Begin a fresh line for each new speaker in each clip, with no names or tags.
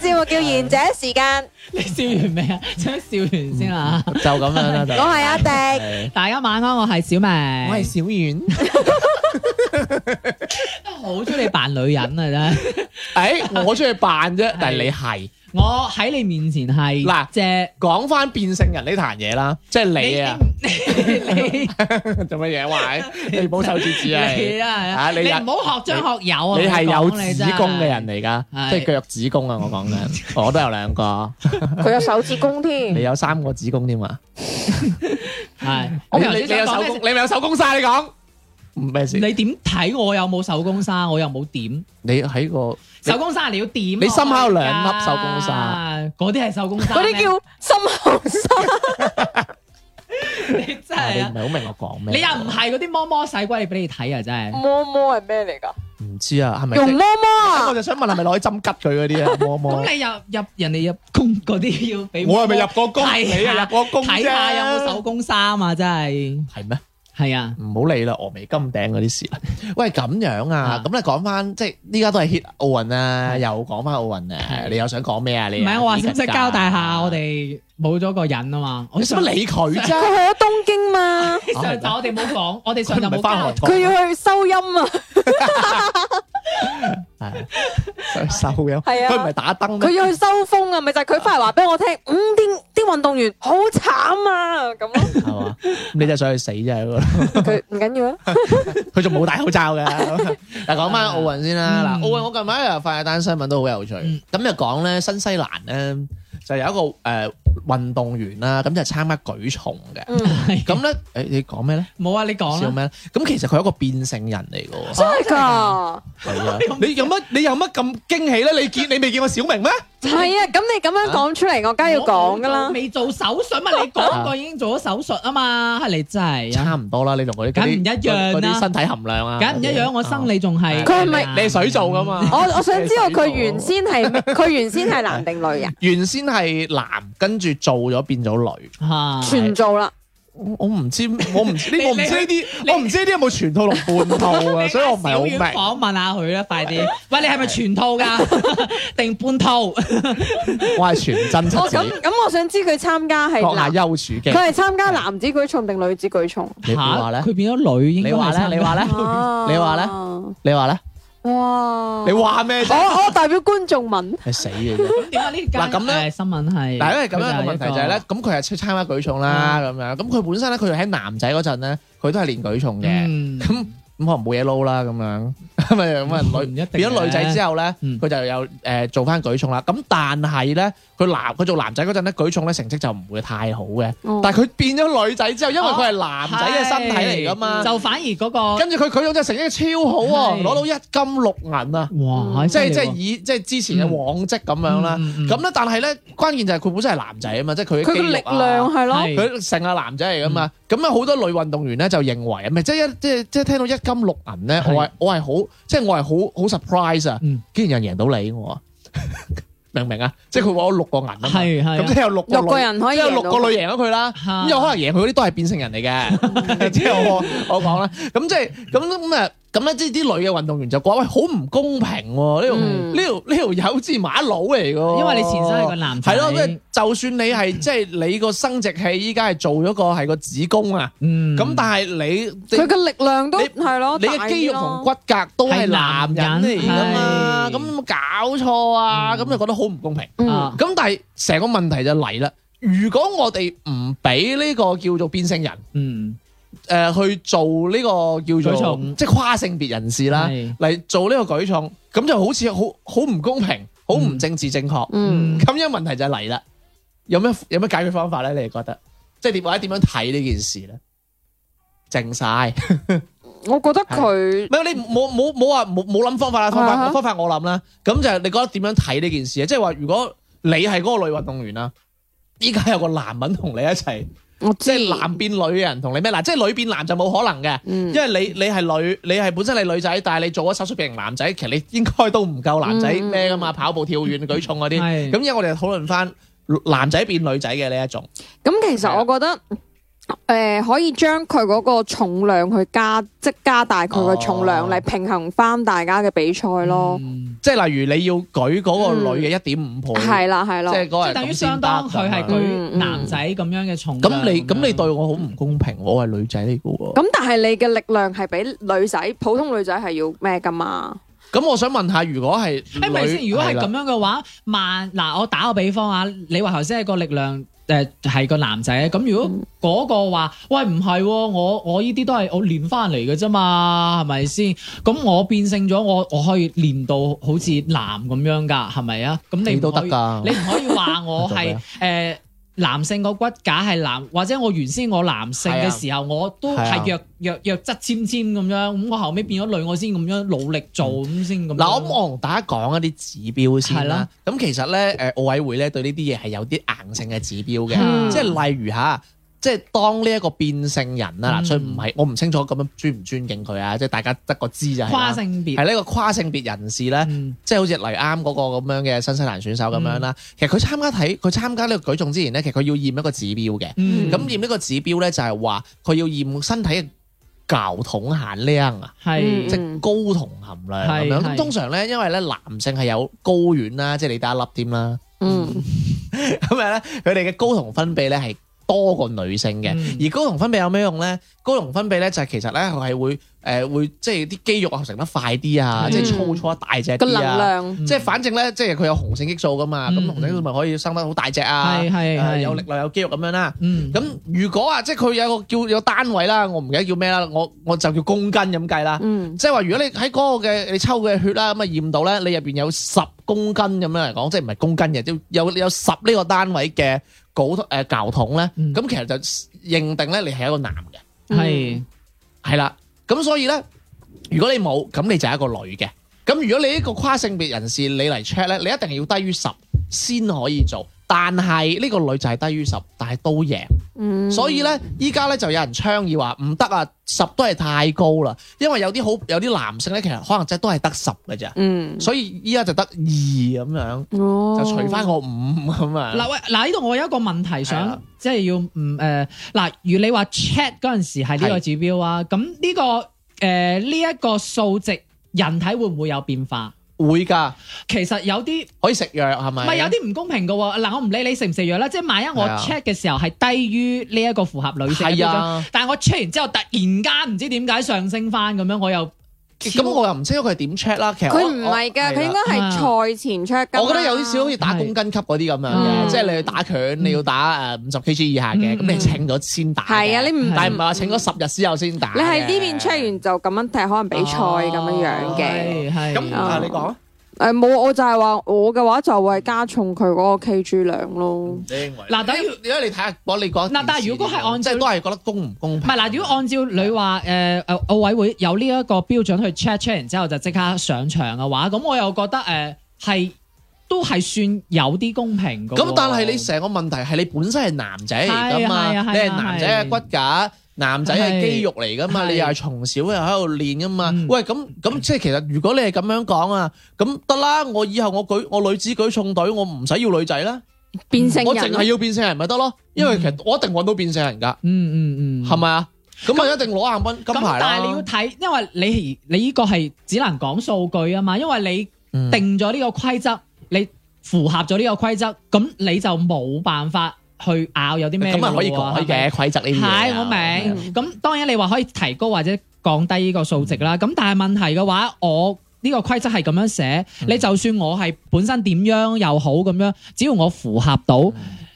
節目叫賢者時間，你笑
完未啊？想笑完先啦、嗯，就咁樣啦。 我係阿迪，大家晚安。我係小明，我係小丸。婉，好中意扮女人啊！
真，誒、 欸，我中意扮啫， 但係你係。我喺你面前係嗱，借講翻變性人呢壇嘢啦，即係你啊，你做乜嘢話？你唔好手指指啊？你啊，你唔好
學張學友啊！你係有子宮嘅
人嚟噶，即係腳子宮啊！我講緊，我都有兩個，佢有手指公添，你有三個子宮添啊？係你你有手你
咪有手工沙？你講唔係先？你點睇我有冇手工沙？我又冇點？你喺個。手工衫你要點？你心口兩粒手工衫，嗰啲係手工衫，嗰啲叫
心口心。你
真係你唔係好明我講咩？你又唔係嗰啲摸摸細龜俾你睇啊！真係
摸摸係咩嚟噶？
唔知啊，係咪用摸摸啊？我就想問係咪攞去針拮佢嗰啲啊？摸摸咁你入入人哋入工嗰啲
要俾，我係咪入過工？係呀，入過工。睇下有冇手
工衫啊！真係係咩？係啊，唔好理啦，峨眉金頂嗰啲事啦。喂，咁樣啊，咁你講翻，即係依家都係 hit 奧運啊，啊又講翻奧運啊，你又想講咩啊？你唔係我話識交大
下，啊、我哋冇咗個人啊嘛，我想，你想理佢啫、啊？喺 東京嘛，但我哋冇好講，我哋上就翻學佢要
去收音啊。 去收嘅，佢唔係打燈，佢要去收風啊！咪就係佢翻嚟話俾我聽，五點啲運動員好慘啊！咁啊，係嘛？
咁你就係想去死啫！
佢唔緊要啊，
佢仲冇戴口罩噶。但係講翻奧運先啦，嗱，奧運我近排又發咗單新聞都好有趣，咁就講咧新西蘭咧就有一個誒運動員啦，咁就參加舉重嘅，咁咧誒你講咩咧？冇啊，你講啦。笑咩？咁其實佢係一個變性人嚟嘅，真係噶，係啊，你有乜？你有乜咁驚喜咧？你見你未見過小明咩？
係啊，咁你咁樣講出嚟，我梗係要
講噶啦。未做手術嘛？你講過已經做咗手術啊嘛？係你真係差唔多啦。
你同我啲咁唔一樣啦。身體含量啊，梗唔一
樣。我生理仲係佢係咪你
係水做噶嘛？
我我想知道佢原先係佢原先係男定女
啊？原先係男，跟住做咗變咗女，
全做啦。我唔知，我唔知呢， 你我唔知
呢啲，你我唔知呢啲有冇全套同半套啊， 所以我唔係好明。小
婉，訪問下佢啦，快啲。喂，
你係咪全套㗎？定 半套？
我係全真七子。 哦，咁
咁，我想知佢參加係嗱，
優選嘅。佢係
參加男子舉重定女子舉重？
你嚇！
佢變咗女，女，你話咧？你話咧？你話咧？你話咧？哇！你話
咩？我我代表觀眾問，係死嘅。點解呢？嗱咁咧，新聞係。但因為咁樣嘅問題就係咧，咁佢係參加舉重啦，咁樣咁佢本身咧，佢喺男仔嗰陣咧，佢都係練舉重嘅。咁咁可能冇嘢撈啦，咁樣係咪？咁女唔一定變咗女仔之後咧，佢就有誒做翻舉重啦。咁但係咧。佢男佢做男仔嗰陣咧，舉重咧成績就唔會太好嘅。但係佢變咗女仔之後，因為佢係男仔嘅身體嚟噶嘛，就反而嗰個跟住佢舉重就成績超好喎，攞到一金六銀啊！哇！即係即係以即係之前嘅往績咁樣啦。咁咧，但係咧，關鍵就係佢本身係男仔啊嘛，即係佢佢力量係咯，佢成個男仔嚟噶嘛。咁啊，好多女運動員咧就認為，唔即係一即係即係聽到一金六銀咧，我我係好即係我係好好 surprise 啊！竟然有人贏到你明唔明啊？即係佢話我六個銀，咁的即係有六個女，六個人可以即係六個女贏咗佢啦。咁有的可能贏佢嗰啲都係變性人嚟嘅， 即係我我講啦。咁 即係咁咁誒。咁咧，啲啲女嘅運動員就講：喂，好唔公平喎！呢條呢條呢條友似馬佬嚟嘅。因為你前身係個男仔。係咯，即係就算你係即係你個生殖器依家係做咗個係個子宮啊。嗯。咁但係你佢嘅力量都係咯，你嘅肌肉同骨骼都係男人嚟㗎嘛？咁搞錯啊！咁就覺得好唔公平。嗯。咁但係成個問題就嚟啦。如果我哋唔俾呢個叫做變性人，嗯。誒、呃，去做呢、這個叫做，做即係跨性別人士啦，嚟的做呢個舉重，咁就好似好好唔公平，好唔政治正確。咁、嗯、樣問題就嚟啦，有咩有咩解決方法咧？你哋覺得即係點或者點樣睇呢件事咧？靜晒， 我覺得佢係你冇冇冇話冇冇諗方法啦，方法方法我諗啦，咁、uh huh. 就你覺得點樣睇呢件事啊？即係話如果你係嗰個女運動員啊，依家有個男人同你一齊。 即係男變女嘅人同你咩嗱，即係女變男就冇可能嘅。嗯、因為你你係女，你係本身係女仔，但係你做咗手術變成男仔，其實你應該都唔夠男仔咩噶嘛，跑步、跳遠、舉重嗰啲。咁而家是我哋就討論翻男仔變女仔嘅呢一種。
咁、嗯、了其實我覺得。誒、呃，可以將佢嗰個重量去加，即加大佢個重量嚟平衡翻大家嘅比賽咯。
哦嗯、即係例如你要舉嗰個女嘅一點五倍，係啦係啦，即係等於相當佢
係舉男仔咁樣嘅重量。咁、嗯嗯嗯、你咁
你對我好唔公平？嗯、我係女仔嚟嘅喎。
咁、嗯、但係你嘅力量係比女仔普通女仔係要咩噶嘛？
咁我想問下，如果係係咪先？如果係咁樣嘅話，
了慢，嗱我打個比方啊，你話頭先係個力量。誒係、呃、個男仔，咁如果嗰個話，喂唔係、啊，我我呢啲都係我練翻嚟嘅啫嘛，係咪先？咁我變性咗，我我可以練到好似男咁樣㗎，係咪啊？咁你都得㗎，你唔可以話我係誒。 呃男性個骨架係男，或者我原先我男性嘅時候， 我都係弱弱
弱，弱質纖纖咁樣，咁我後尾變咗女，我先咁樣努力做咁先咁。嗱、嗯嗯，我同大家講一啲指標先啦。咁、啊、其實咧，誒奧委會咧對呢啲嘢係有啲硬性嘅指標嘅，即係、嗯、例如嚇。即係當呢一個變性人啊，所以唔係我唔清楚咁樣尊唔尊敬佢啊，即係大家得個知就係跨性別，係呢個跨性別人士咧，即係好似嚟啱嗰個咁樣嘅新西蘭選手咁樣啦。其實佢參加體，佢參加呢個舉重之前咧，其實佢要驗一個指標嘅，咁驗呢個指標咧就係話佢要驗身體嘅睾酮限量啊，即係睾酮含量咁樣。通常咧，因為咧男性係有睾丸啦，即係你得一粒添啦，咁樣咧佢哋嘅睾酮分泌咧係，多過女性嘅，而睾酮分泌有咩用咧？睾酮分泌咧就係其實咧佢係會誒、呃、會即係啲肌肉合成得快啲啊，嗯、即係粗粗，粗大一大隻啲啊。量、嗯、即係反正咧，嗯、即係佢有雄性激素噶嘛，咁雄、嗯、性激素咪可以生得好大隻啊，係係、呃、有力量有肌肉咁樣啦。咁、嗯、如果啊，即係佢有個叫有個單位啦，我唔記得叫咩啦，我我就叫公斤咁計啦。嗯、即係話如果你喺嗰、那個嘅你抽嘅血啦，咁啊驗到咧，你入邊有十公斤咁樣嚟講，即係唔係公斤嘅，都、就是、有有十呢個單位嘅。睾酮誒，睾酮咧，咁其實就認定咧，你係一個男嘅，係係啦，咁所以咧，如果你冇，咁你就係一個女嘅，咁如果你呢個跨性別人士你嚟 check 咧，你一定要低於十先可以做。但係呢、呢個女仔係低於十，但係都贏，嗯、
所以咧
依家咧就有人倡議話唔得啊，十都係太高啦，因為有啲好有啲男性咧，其實可能即係都係得十嘅啫，嗯、所以依家就得二咁樣，哦、就除翻個五咁啊。嗱喂、呃，嗱呢
度我有一個問題想，即係要唔誒嗱，如你話 check 嗰陣時係呢個指標啊，咁呢個誒呢一個數值，人體會唔會有變化？會噶，其實有啲可以食
藥係咪？唔係有
啲唔公平噶喎。嗱，我唔理你食唔食藥啦，即係萬一我 check 嘅時候係低於呢一個符合女性，係是啊，但係我 check 完之後突然間唔知點解上升翻咁樣，我又。咁 Q?、嗯、我又
唔知佢係點 check 啦，其實佢唔係噶，佢的應該係
賽前 check、嗯、我覺得有啲似好
似打公斤級嗰啲咁樣嘅，的嗯、即係你去打拳，你要打誒五十 kg 以下嘅，咁、嗯、你稱咗先打。係啊，你唔但係唔係話稱咗十日之後先打。你喺呢邊
check 完就咁樣睇，可能比賽咁樣樣嘅。係係、哦。咁啊，你講誒，冇，我就係話我嘅話就會加重佢嗰個 kg 量咯。
嗱，
等於因為你睇下我你講嗱，但係如果係按照即係都係覺得公唔公
平？唔係嗱，如果按照你話誒誒奧委會有呢一個標準去 check check，然之後就即刻上場嘅話，咁我又
覺得誒係、呃、都係算有啲公平，啊。咁但係你成個問題係你本身係男仔嚟噶嘛？是是是是是你係男仔嘅骨架。男仔係肌肉嚟噶嘛，是你又係從小又喺度練噶嘛，嗯、喂咁咁即係其實如果你係咁樣講啊，咁得啦，我以後我舉我女子舉重隊，我唔使要女仔啦，變性人我淨係要變性人咪得咯，因為其實我一定搵到變性人噶、嗯，
嗯嗯嗯，
係咪啊？咁啊一定攞硬金
牌啦。咁但係你要睇，因為你你呢個係只能講數據啊嘛，因為你定咗呢個規則，你符合咗呢個規則，咁你就冇辦法。去拗有啲咩咁啊？可以改嘅規則呢啲嘢，係我明。咁當然你話可以提高或者降低呢個數值啦，嗯。咁但係問題嘅話，我呢個規則係咁樣寫，嗯、你就算我係本身點樣又好咁樣，只要我符合到，嗯、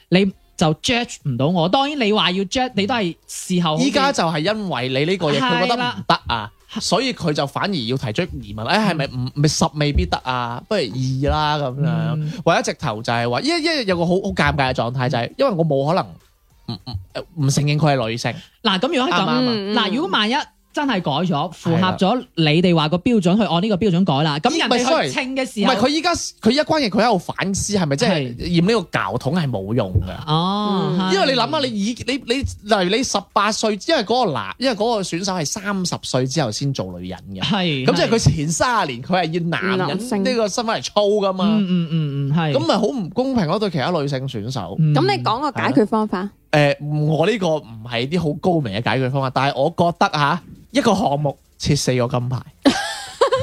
你
就 judge 唔到我。當然你話要 judge，你都係事後。依家就係因為你呢個嘢，佢覺得唔得啊。所以佢就反而要提出疑問，誒係咪唔唔十未必得啊？不如二啦咁樣，嗯、或者直頭就係話，一一有個好好尷尬嘅狀態就係，因為，因為、就係、因為我冇可能唔唔唔承認佢係女性。
嗱咁、啊、如果咁，嗱、嗯啊、如果萬一。嗯。真係改咗，符合咗你哋話個標準，去按呢個標準改啦。咁的人哋去稱嘅時候，唔係佢依家
佢一關嘅，佢喺度反思係咪即係驗呢個教統係冇用噶？哦，因為你諗下，你以你你例如你十八歲，因為嗰個男，因為嗰個選手係三十歲之後先做女人嘅，係咁即係佢前三十年，佢係以男人性呢個身份嚟操噶嘛，嗯嗯的嗯，係咁咪好唔公平咯？對其他女性選手，咁、嗯、你
講個解決方法？
誒、呃，我呢個唔係啲好高明嘅解決方法，但係我覺得吓、啊、一個項目設四個金牌，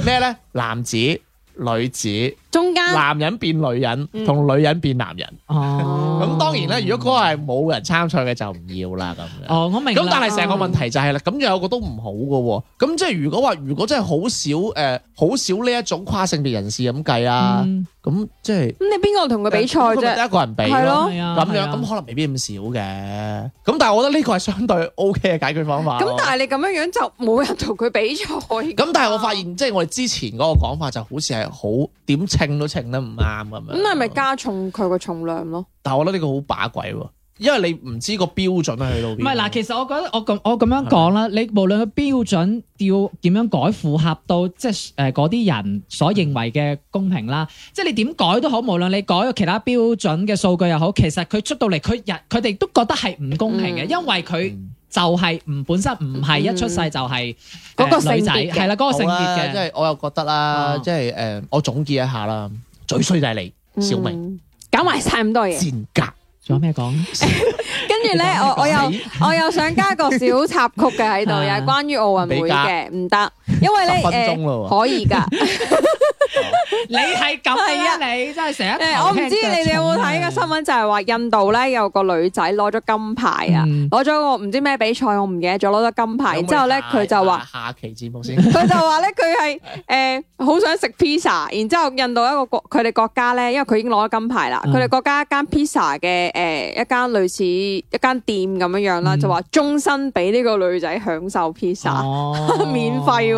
咩 呢？男子、女子、中間、男人變女人、嗯、同女人變男人。哦、 嗯，咁當然咧，如果嗰個係冇人參賽嘅就唔要啦。咁哦，我明。咁但係成個問題就係、是、啦，咁有個都唔好㗎，咁即係如果話如果真係好少誒，好、呃、少呢一種跨性別人士咁計啦。嗯咁、嗯、即係咁你邊個同佢比賽啫？一個人比咯、啊，咁、啊、樣咁、啊啊嗯、可能未必咁少嘅。咁、嗯、但係我覺得呢個係相對 O K 嘅解決方法。咁但
係你咁樣樣就冇人同佢比賽、啊。
咁但係我發現，即係我哋之前嗰個講法，就好似係好點稱都稱得唔啱咁樣。咁
係咪加重佢個重量咯？
但係我覺得呢個好把鬼、啊。因為你唔知個標準咧喺度邊。唔係嗱，
其實我覺得我咁我咁樣講啦，你無論個
標準要點樣改，符合到即係誒嗰啲人所認為嘅公平啦。即係你點改都好，無論你改咗其他標準嘅數據又好，其實佢出到嚟，佢人佢哋都覺得係唔公平嘅，因為佢就係唔本身唔係一出世就
係嗰個細仔係啦，嗰個性別嘅。即係我又覺得啦，即係誒，我總結一下啦，最衰就係你，小
明搞埋晒咁多嘢。
仲有
咩講？跟住咧，我我又我又想加一個小插曲嘅喺度，又係 關於奧運會嘅，唔得，因為咧誒、 呃、可以噶。 你係咁啊！你真係成日。誒，我唔知你哋有冇睇個新聞，就係話印度咧有個女仔攞咗金牌啊，攞咗個唔知咩比賽，我唔記得咗，攞咗金牌。之後咧，佢就話下期
節目先。佢
就話咧，佢係誒好想食 pizza，然之後印度一個國，佢哋國家咧，因為佢已經攞咗金牌啦，佢哋國家一間 pizza 嘅誒一間類似一間店咁樣樣啦，就話終身俾呢個女仔享受 pizza 免費。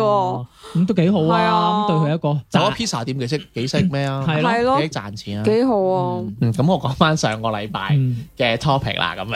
咁、嗯、都幾好啊！係、嗯、啊，咁對
佢一個走咗披薩店，幾識幾識咩啊？係咯，幾識賺錢啊？幾
好啊、
嗯！咁、嗯、我講翻上個禮拜嘅 topic 啦，咁樣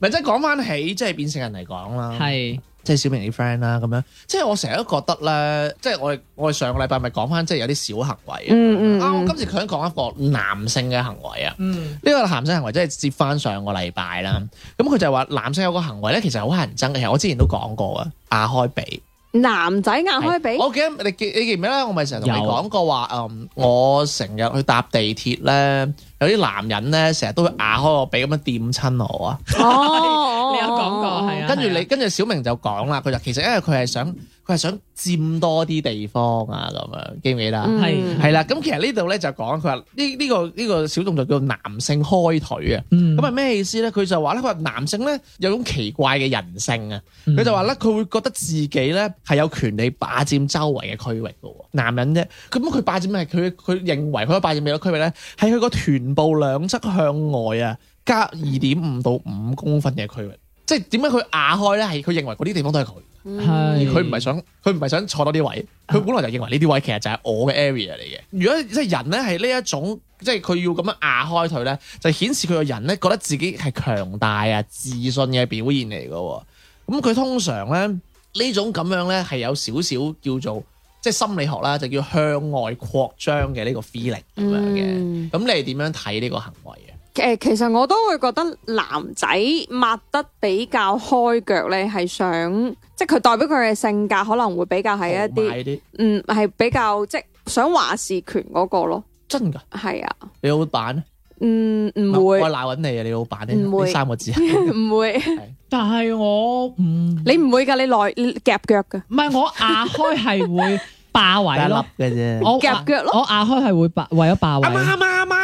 咪、就是、即係講翻起即係變性人嚟講啦，係即係小明啲 friend 啦，咁樣即係我成日都覺得咧，即係我我上個禮拜咪講翻即係有啲小行為，嗯嗯，嗯啊，啊我今次想講一個男性嘅行為啊，呢、嗯嗯嗯、個男性行為即係接翻上，上個禮拜啦，咁佢就係話男性有個行為咧，其實好乞人憎嘅，其實我之前都講過嘅，壓開比。男仔擘開髀，我記得你記得你記唔記得我咪成日同你講過話，有嗯，我成日去搭地鐵咧，有啲男人咧，成日都會擘開我髀咁樣掂親我啊！
哦、 你有講過，係啊，跟住
你、哦、跟住小明就講啦，佢就其實因為佢係想。佢係想佔多啲地方啊，咁樣，記唔記得？係係啦，咁其實呢度咧就講佢話呢，呢個呢、呢個小動作叫男性開腿啊，咁係咩意思咧？佢就話咧，佢話男性咧有種奇怪嘅人性啊，佢、嗯、就話咧，佢會覺得自己咧係有權利霸佔周圍嘅區域噶，男人啫。咁佢霸佔咩？佢佢認為佢霸佔咩嘢區域咧？喺佢個臀部兩側向外啊，加二點五到五公分嘅區域。即係點解佢掗開咧？係佢認為嗰啲地方都係佢，而佢唔係想，佢唔係想坐多啲位。佢本來就認為呢啲位其實就係我嘅 area 嚟嘅。如果即係人咧，係呢一種即係佢要咁樣掗開佢咧，就顯、是、示佢個人咧覺得自己係強大啊、自信嘅表現嚟嘅。咁、嗯、佢通常咧呢這種咁樣咧係有少少叫做即係心理學啦，就叫向外擴張嘅呢個 feeling 咁
樣
嘅。咁、嗯、你係點樣睇呢個行為？
誒，其實我都會覺得男仔抹得比較開腳咧，係想，即係佢代表佢嘅性格可能會比較係一啲，一嗯，係比較即係想話事權嗰、那個咯。真噶的？係啊。
你老闆
咧？嗯，唔會。我鬧
緊你啊！你老闆咧？唔會三個字。
唔 會。 但係我唔、嗯。你唔會噶，你內夾
腳噶。唔係我牙開係會霸位粒
嘅啫。我夾
腳咯。我牙開係會霸，為咗霸位。啱啱啱。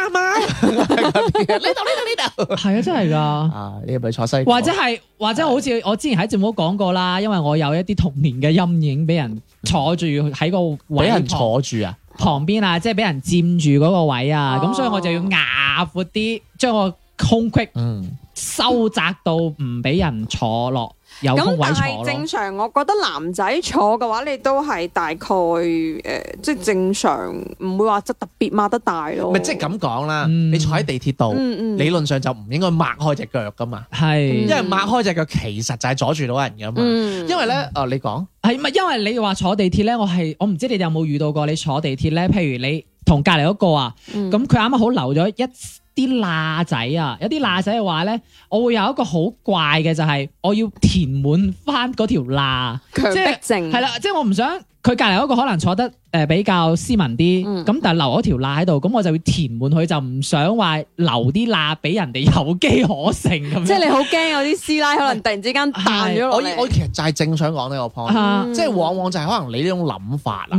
呢度呢度呢度，係啊真係噶，啊
你係咪坐西或，或者係
或者好似我之前喺節目講過啦，因為我有一啲童年嘅陰影，俾人坐住喺個位俾人坐住啊旁邊啊，即係俾人佔住嗰個位啊，咁、哦、所以我就要壓闊啲，將個空隙嗯收窄到唔俾人坐落。嗯 咁但係正
常，我覺得男仔坐嘅話，你都係大概誒，即、呃、係正常，唔會話就特別擘得大咯。咪即係咁
講啦，嗯、你坐喺地鐵度，嗯嗯、理論上就唔應該擘開隻腳噶嘛。係，因為擘開隻腳其實就係阻住到人噶嘛。嗯、因為咧，啊、嗯哦、你講
係咪？因為你話坐地鐵咧，我係我唔知你哋有冇遇到過你坐地鐵咧。譬如你同隔離嗰個啊，咁佢啱啱好留咗一。啲罅仔啊，有啲罅仔嘅話咧，我會有一個好怪嘅，就係、是、我要填滿翻嗰條罅，即係強迫症，係啦，即係、就是就是、我唔想。佢隔籬嗰個可能坐得誒比較斯文啲，咁但係留咗條罅喺度，咁我就會填滿佢，就唔想話留啲罅俾人哋有機可
乘咁。即係你好
驚有啲師奶可能突然之間彈咗落嚟。我我其
實就係正想講呢個 point，即係往往就係可能你呢種諗法啊，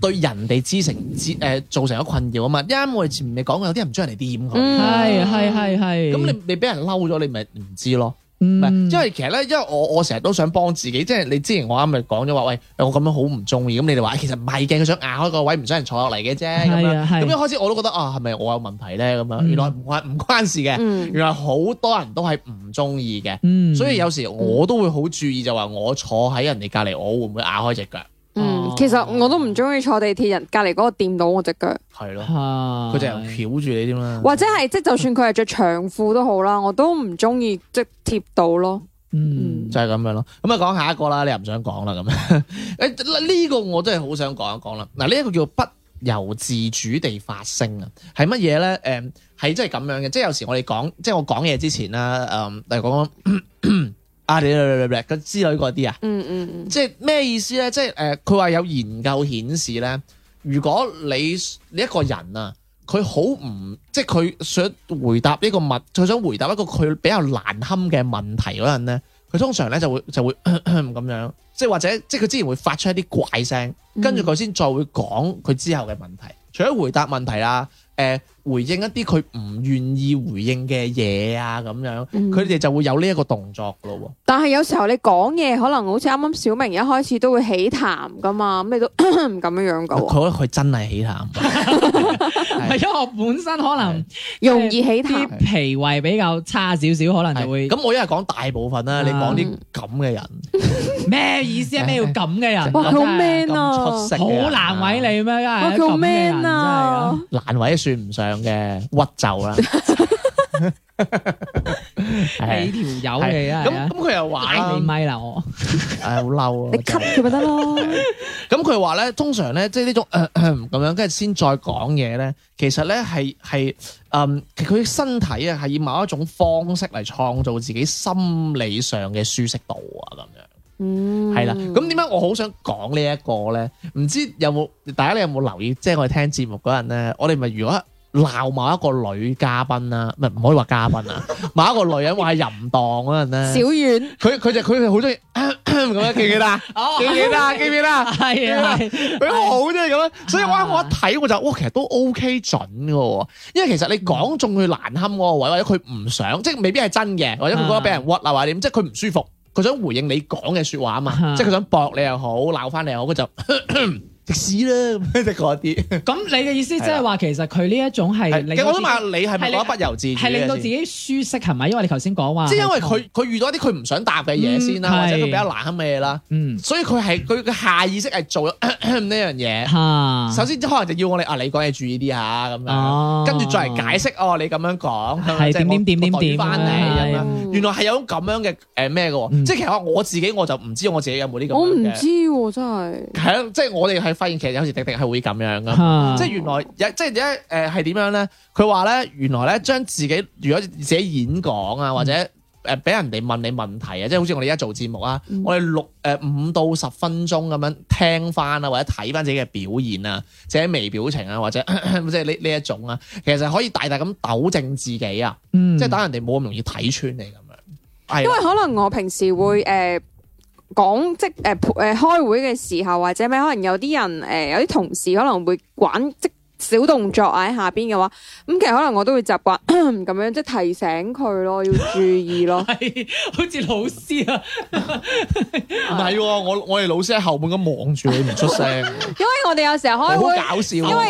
對人哋造成誒造成咗困擾啊嘛。因為我哋前未講過，有啲人唔鍾意人哋掂佢。係係係係。咁你你俾人嬲咗，你咪唔知咯。唔係，嗯、因為其實咧，因為我我成日都想幫自己，即係你之前我啱咪講咗話，喂，我咁樣好唔中意，咁你哋話其實唔係嘅，佢想挜開個位，唔想人坐落嚟嘅啫，咁樣。咁一開始我都覺得啊，係咪我有問題咧？咁樣原來唔關唔關事嘅，原來好、嗯、多人都係唔中意嘅，嗯、所以有時我都會好注意就，就話我坐喺人哋隔離，我會唔會挜開隻腳？
嗯，其實我都唔中意坐地鐵，人隔籬嗰個掂到我隻腳，
係咯的，佢的就人翹住你點咧？或
者係即就算佢係着長褲都好啦， 我都唔中意即貼到咯。嗯，嗯
就係咁樣咯。咁啊，講下一個啦，你又唔想講啦咁？誒，呢、 欸這個我都係好想講一講啦。嗱、啊，呢、這、一個叫不由自主地發聲啊，係乜嘢咧？誒，係真係咁樣嘅，即係有時我哋講，即係我講嘢之前啦，誒、嗯，例如講。 啊，嚟嚟嚟嚟個之類嗰啲啊，嗯嗯嗯，即係咩意思咧？即係誒，佢話有研究顯示咧，如果你你一個人啊，佢好唔即係佢想回答呢個問，佢想回答一個佢比較難堪嘅問題嗰陣咧，佢通常咧就會就會咁樣，即係或者即係佢之前會發出一啲怪聲，跟住佢先再會講佢之後嘅問題。嗯、除咗回答問題啦、啊，誒、呃。回應一啲佢唔願意回應嘅嘢啊，咁樣佢哋就會有呢一個動作咯。
但係有時候你講嘢，可能好似啱啱小明一開始都會起痰噶嘛，咩都咁樣樣噶。
佢佢真係起痰，
係
因為我本身可能容易起痰，
脾胃比較差少
少，可能就會。咁我因為講大部分啦，你講啲咁嘅人
咩意思啊？咩要咁嘅人哇？好 man 啊！出好難為你咩？我好 man 啊！
難為都算唔上。嘅屈就啦， 哎、你條友啊？咁
咁佢又話你咪啦？我誒
好嬲啊， 你吸佢咪得咯？咁佢話咧，通常咧，即係呢種咁、呃呃、樣，跟住先再講嘢咧。其實咧係係誒，佢、呃、身體啊係以某一種方式嚟創造自己心理上嘅舒適度啊，咁樣嗯
係啦。咁點解我
好想講呢一個咧？唔知有冇大家你有冇留意？即係我哋聽節目嗰陣咧，我哋咪如果。嗯鬧某一個女嘉賓啦、啊，唔唔可以話嘉賓啊， 某一個女人話係淫蕩嗰陣咧，小婉元，佢佢就佢係好中意咁咧記唔記得？記唔 記得？記唔 記得了？係 了 啊，佢好好啫咁咧，所以話我一睇我就，哇，其實都 OK 準嘅喎、啊，因為其實你講中佢難堪嗰個位，或者佢唔想，即係未必係真嘅，或者佢覺得俾人屈啊，或者點，即係佢唔舒服，佢想回應你講嘅説話啊嘛，即係佢想駁你又好，鬧返你又好，佢就。食屎啦，食嗰啲。咁你嘅意思即係
話，其實佢呢一種係，我都話你係咪覺得不由自主，係令到自
己舒適，係咪？因為你頭先講話，即係因為佢佢遇到一啲佢唔想答嘅嘢先啦，或者佢比較難嘅嘢啦，所以佢係佢嘅下意識係做呢樣嘢。首先可能就要我哋啊，你講嘢注意啲吓咁樣，跟住再嚟解釋，哦，你咁樣講，係點點點點翻嚟，原來係有咁樣嘅誒咩嘅，即係其實我自己我就唔知我自己有冇呢個我唔知，
真係。
係即係我哋係。發現其實有時定定係會咁樣噶，啊、即係原來，即係而家誒係點樣咧？佢話咧，原來咧將自己如果自己演講啊，或者誒俾、呃、人哋問你問題啊，嗯、即係好似我哋而家做節目啊，嗯、我哋錄誒五到十分鐘咁樣聽翻啊，或者睇翻自己嘅表現啊，自己微表情啊，或者呵呵即係呢呢一種啊，其實可以大大咁糾正自己啊，嗯、即係等人哋冇咁容易睇穿你咁樣
係。因為可能我平時會誒。呃嗯講即係誒誒開會嘅時候或者咩，可能有啲人誒、呃、有啲同事可能會玩即小動作喺下邊嘅話，咁其實可能我都會習慣咁樣，即係提醒佢咯，要注意咯，
好似老師啊，唔係，我我哋老師喺後面咁望住你，唔出聲。
因為我哋有時候開會好搞笑，因為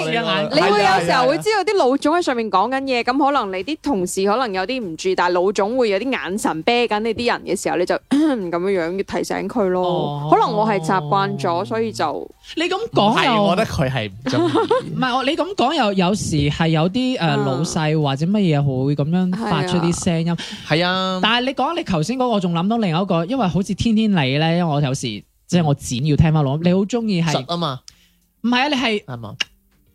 你會有時候會知道啲老總喺上面講緊嘢，咁可能你啲同事可能有啲唔注意，但係老總會有啲眼神啤緊你啲人嘅時候，你就咁樣樣提醒佢咯。可能我係習慣咗，所以就你咁講，
係我覺得佢係
唔係咁講又有時係有啲誒老細或者乜嘢，會咁樣發出啲聲音，係啊。但係你講你頭先嗰個，仲諗到另一個，因為好似天天嚟咧。因為我有時即係我剪，要聽翻落。你好中意係實啊嘛？唔係啊，你係係嘛？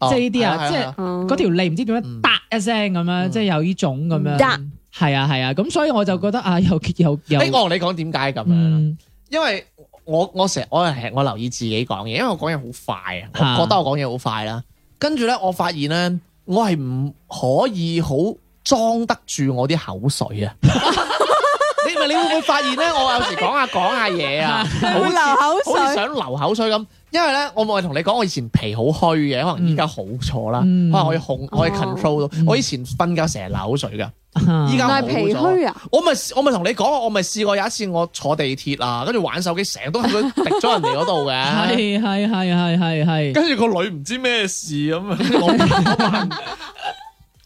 即係呢啲啊，即係嗰條脷，唔知點樣嗒一聲咁樣，即係有呢種咁樣。嗒，係啊係啊，咁所以我就覺得啊，又又又我同你講點解咁樣？
因為我我成日我係我留意自己講嘢，因為我講嘢好快啊，覺得我講嘢好快啦。跟住咧，我發現咧，我係唔可以好裝得住我啲口水啊！你唔係你會唔會發現咧？我有時講下講下嘢啊，好流口水，好似想流口水咁。因為咧，我咪同你講，我以前皮好虛嘅，可能依家好咗啦，可能我控，我 control 到，我以前瞓覺成日流口水噶，
依家好咗。
我咪我咪同你講，我咪試過有一次我坐地鐵啊，跟住玩手機成日都滴咗人哋嗰度嘅，係係係係係。跟住個女唔知咩事咁啊，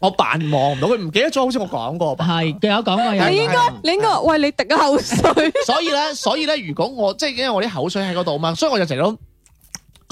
我扮望唔到，佢唔記得咗，好似我講過，係佢有講過，你應該你
應該，喂，你滴咗口
水。所以咧，所以咧，如果我即係因為我啲口水喺嗰度嘛，所以我就成日都。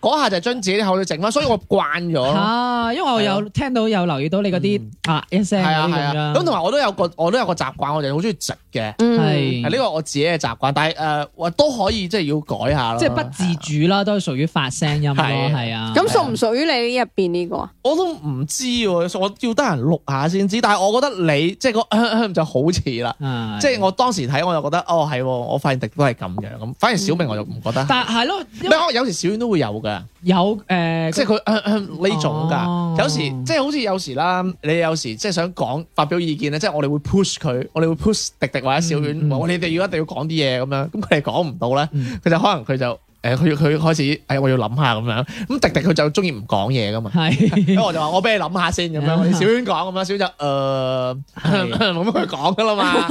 嗰下就將自己啲口裏整翻，所以我慣咗。嚇，因為我有聽到有留意到你嗰啲啊聲，係啊係啊。咁同埋我都有個我都有個習慣，我就好中意直嘅。嗯，呢個我自己嘅習慣，但係誒，都可以即係要改下咯。即係不自主啦，都係屬於發聲音咯，啊。咁屬唔
屬於你入邊呢個？
我都唔知喎，我要得閒錄下先知。但係我覺得你即係個就好似啦，即係我當時睇我就覺得，哦係，我發現都係咁樣咁。反而小明我就唔覺得。但係係咯，唔係有時小娟都會有嘅。有誒，即係佢呢種噶，有時即係好似有時啦，你有時即係想講發表意見咧，即係我哋會 push 佢，我哋會 push 迪迪或者小丸。我你哋要一定要講啲嘢咁樣，咁佢哋講唔到咧，佢就可能佢就誒，佢佢開始誒，我要諗下咁樣。咁迪迪佢就中意唔講嘢噶嘛，咁我就話我俾你諗下先咁樣，小丸講咁樣，小就誒，冇乜佢講噶啦嘛。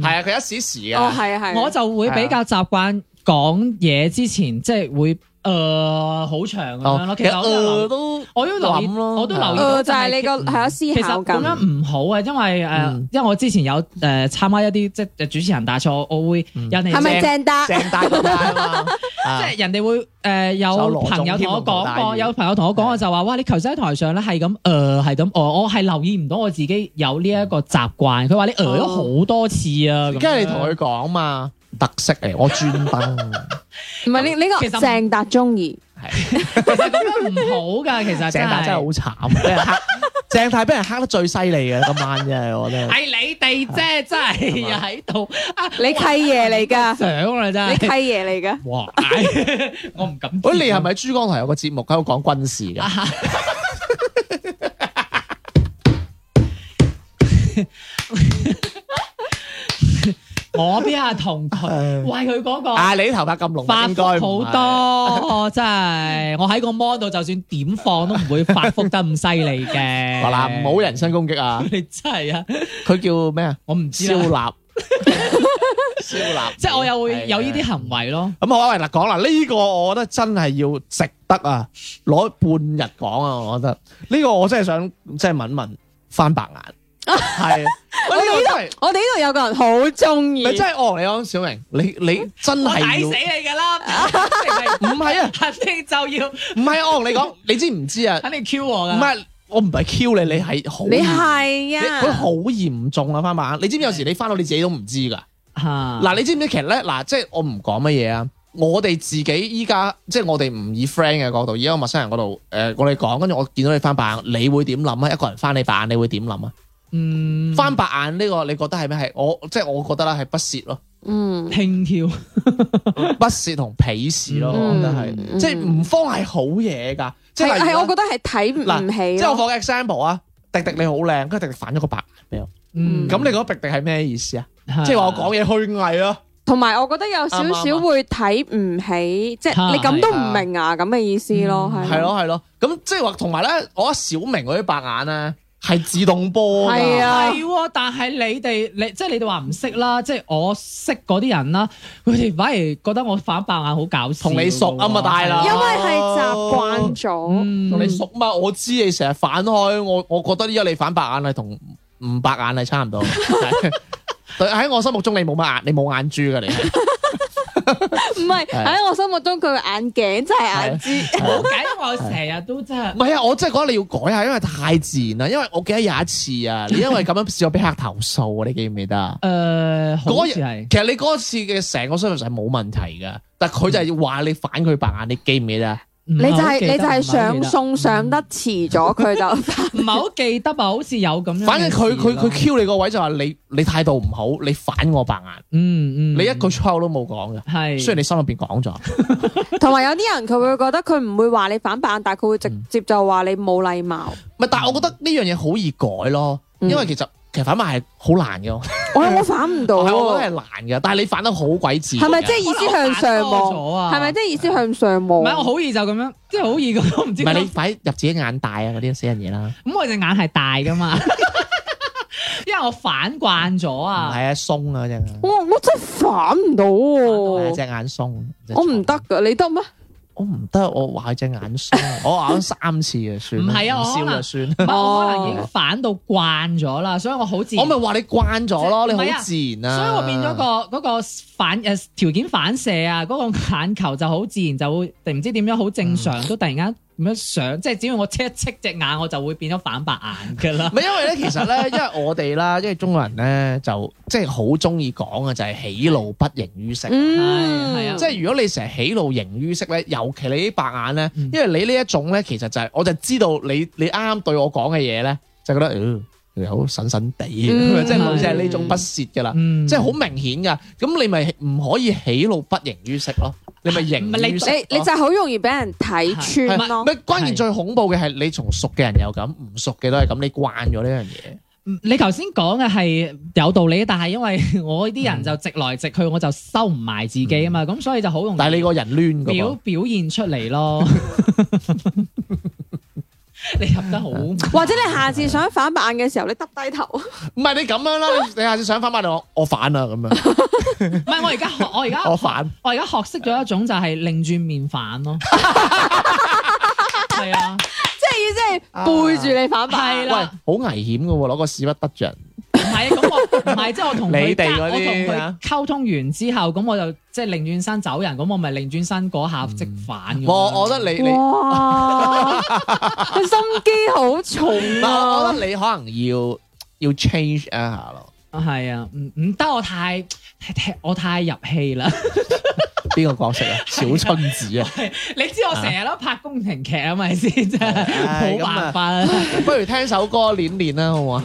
係啊，佢一時時啊，係係，我就會比
較習慣講嘢之前即係會。誒，好長咁樣咯，其實
我都我都諗我都留意。誒，就係你個係啊，思其實咁樣
唔好啊，因為誒，因為我之前有誒參與一啲即係主持人大賽，我會因你係咪正大正大即係人哋會誒有朋友同我講過，有朋友同我講我就話，哇，你頭先喺台上咧係咁，誒係咁，我我係留意唔到我自己有呢一個習慣，佢話你誒咗好多次啊，跟住你同佢講嘛。
特色嚟，我專登
唔係呢呢個鄭達中意，
其實咁樣唔好㗎，其實鄭達真係好慘，鄭太俾人黑得最犀利嘅今晚真係我咧，係
你哋啫，真係又喺度，你契爺嚟
㗎，想啦真，你契爺嚟㗎，哇，我唔敢，你係咪珠江台有個節目喺度講軍事㗎？
我邊係同佢喂，佢嗰個？啊！你頭髮咁濃，發福好多，真係我喺個 model 度，就算點放都唔會發福得咁犀利嘅。嗱，唔好人身攻擊啊！ 你真係啊！
佢叫咩啊？我唔知肖 立，
肖立，即係我又會有呢啲行為咯。
咁、 嗯、好啦，嗱，講啦，呢個我覺得真係要值得啊，攞半日講啊，我覺得呢、呢個我真係想即係問一問，翻白眼。係、啊、我呢度，真係我哋呢度有個人好中意。你真係我同你講，小明，你你真係要，我睇死你噶啦！唔係 啊，肯定 就要唔係我同你講，你知唔知啊？肯定 Q 我噶。唔係，我唔係 Q 你，你係好，你係啊，
佢好
嚴重啊！翻白眼，你知唔知有時你翻到你自己都唔知噶？嗱的、啊，你知唔知其實咧？嗱、啊，即係我唔講乜嘢啊。我哋自己依家即係我哋唔以 friend 嘅角度，而家個陌生人嗰度誒，我哋講，跟住我見到你翻白眼，你會點諗啊？一個人翻你白眼，你會點諗啊？嗯，翻白眼呢個你覺得係咩？係我即係我覺得啦，係不屑咯。
嗯，
輕佻，不屑同鄙視咯，係即係唔慌係好嘢噶，係，係我覺得
係睇唔起。即係我
講 example 啊，迪迪你好靚，跟住迪迪反咗個白，咩？咁你覺得迪迪係咩意思啊？即係話我講嘢虛偽咯，
同埋我覺得有少少會睇唔起，即係你咁都唔明啊？咁嘅意思咯，係，係咯係咯，
咁即係話同埋咧，我小明嗰啲白眼咧。係自動波噶，係啊，
啊，但係你哋，你即係、就是、你哋話唔識啦，即係我識嗰啲人啦，佢哋反
而覺得我反白眼好搞笑，同你熟啊嘛，大佬，因為係習慣咗，同、嗯、你熟啊嘛，我知你成日反開，我我覺得依家你反白眼係同唔白眼係差唔多，喺 我心目中你冇乜眼，你冇眼珠噶你。
唔係，喺我心目中佢嘅眼鏡真係眼珠，冇計 我成日都真
係。唔係是啊，我真係覺得你要改下，因為太自然啦。因為我記得有一次啊，你因為咁樣試過俾客投訴啊， 你記唔記得？
誒、呃，嗰時
係。其實你嗰次嘅成個銷售係冇問題噶，但佢就係要話你反佢白眼，嗯、你記唔記得？你就係你就係上
送上得遲咗，佢就唔係好記得啊、嗯， 好似有咁樣。反正佢佢佢 Q
你個位就話你，你態度唔好，你反我白眼。嗯嗯，嗯，你一句粗口都冇講嘅。係是，雖然你心入邊講咗。
同埋 有啲人佢會覺得，佢唔會話你反白眼，但係佢會直接就話你冇禮貌。
咪、嗯、但係我覺得呢樣嘢好易改咯，因為其實。嗯其實反埋係好難嘅，我我反唔到，係我覺得係難嘅。但係你反得好鬼似，係咪即係意
思向上望？係咪即係意思向上望？唔係我
好易就咁樣，即係好易咁，我唔
知。唔係你擺入自己眼大啊嗰啲死人嘢啦。
咁、嗯、
我隻眼係大噶
嘛，
因為我反慣咗啊。
係啊，鬆啊隻鬆。我我真係反唔到、啊，隻眼鬆，我唔得
噶，你得咩？
我唔得，我畫隻眼， 我畫咗三次算啊，算唔係啊，我笑就算。我可能已經
反到慣咗啦，所以我好
自，然。 我咪話你慣咗咯，是你好自然啊，啊，所以我變咗、那個
嗰、那個反誒條、呃、件反射啊，嗰、那個眼球就好自然就會，唔知點樣好正常、嗯、都，突然間。咁樣想，即係只要我戚一戚隻眼，我就會變咗反白眼㗎啦。唔係因為咧，其實咧，因為我
哋啦，因為中國人咧，就即係好中意講嘅就係喜怒不形於色。嗯，係啊，即係如果你成日喜怒形於色咧，尤其你啲白眼咧，因為你呢一種咧，其實就係、是、我就知道你你啱啱對我講嘅嘢咧，就覺得嗯。呃有神神地，嗯、即係好似係呢種不屑嘅啦，嗯、即係好明顯噶。咁你咪唔可以喜怒不形於色咯？你咪形於色咯，你就好
容易俾人睇穿咯。唔係，
關鍵最恐怖嘅係你從熟嘅人又咁，唔熟嘅都係咁，你慣咗呢樣嘢。你頭先
講嘅係有道理，但係因為我啲人就直來直去，我就收唔埋自己啊嘛。咁所以就好容易。但係你個人亂咁，那個，表表現出嚟咯。
你合得好，或者你下次想反白眼嘅時候，你耷低頭。唔係你咁樣啦，啊、你下次想反白眼就
我,我反啦咁樣。
唔 係我而家我而
家反，
我而家學識咗一種就係擰轉面反咯。係 啊。即係背住你反白。係啦、
啊，好危險嘅喎，攞個屎忽得罪人唔係，
咁 我唔係，即係我同你哋嗰啲，我同佢溝通完之後，咁我就即係擰轉身走人，咁我咪擰轉身嗰下即反、嗯。我我覺得你哇你，哇，佢
心機好重啊！我覺得你可能要要 change 一下咯。
係 啊，唔唔得我，我太我太入戲啦。
邊 個角色啊？的小春子啊
的！ 你知我成日都拍宮廷劇啊，咪
先真係冇
辦法，啊哎。啊、 不如聽首歌練練啦，好唔好啊？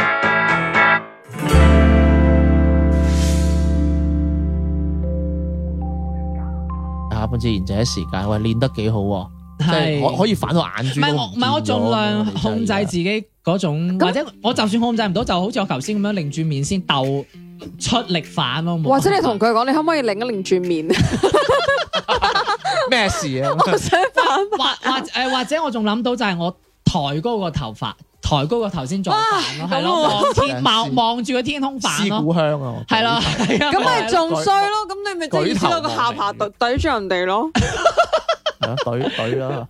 打半自然就喺時間，我練得幾好，啊，是即係我可以反到眼珠。
唔係我唔盡量控制自己嗰種，在或者我就算控制唔到，就好似我頭先咁樣擰住面先斗出力反咯。或者你
同佢講，你可唔可以擰一擰住面？
咩 事啊？我想
反。或或誒、呃，或者我仲諗
到就係我抬高個頭髮。抬高個頭先，再反咯，係咯，望
望住個天空反咯，故
鄉啊，係
咯，係啊，咁咪仲衰咯，咁你咪就要個下巴對住人哋咯，
對對咯，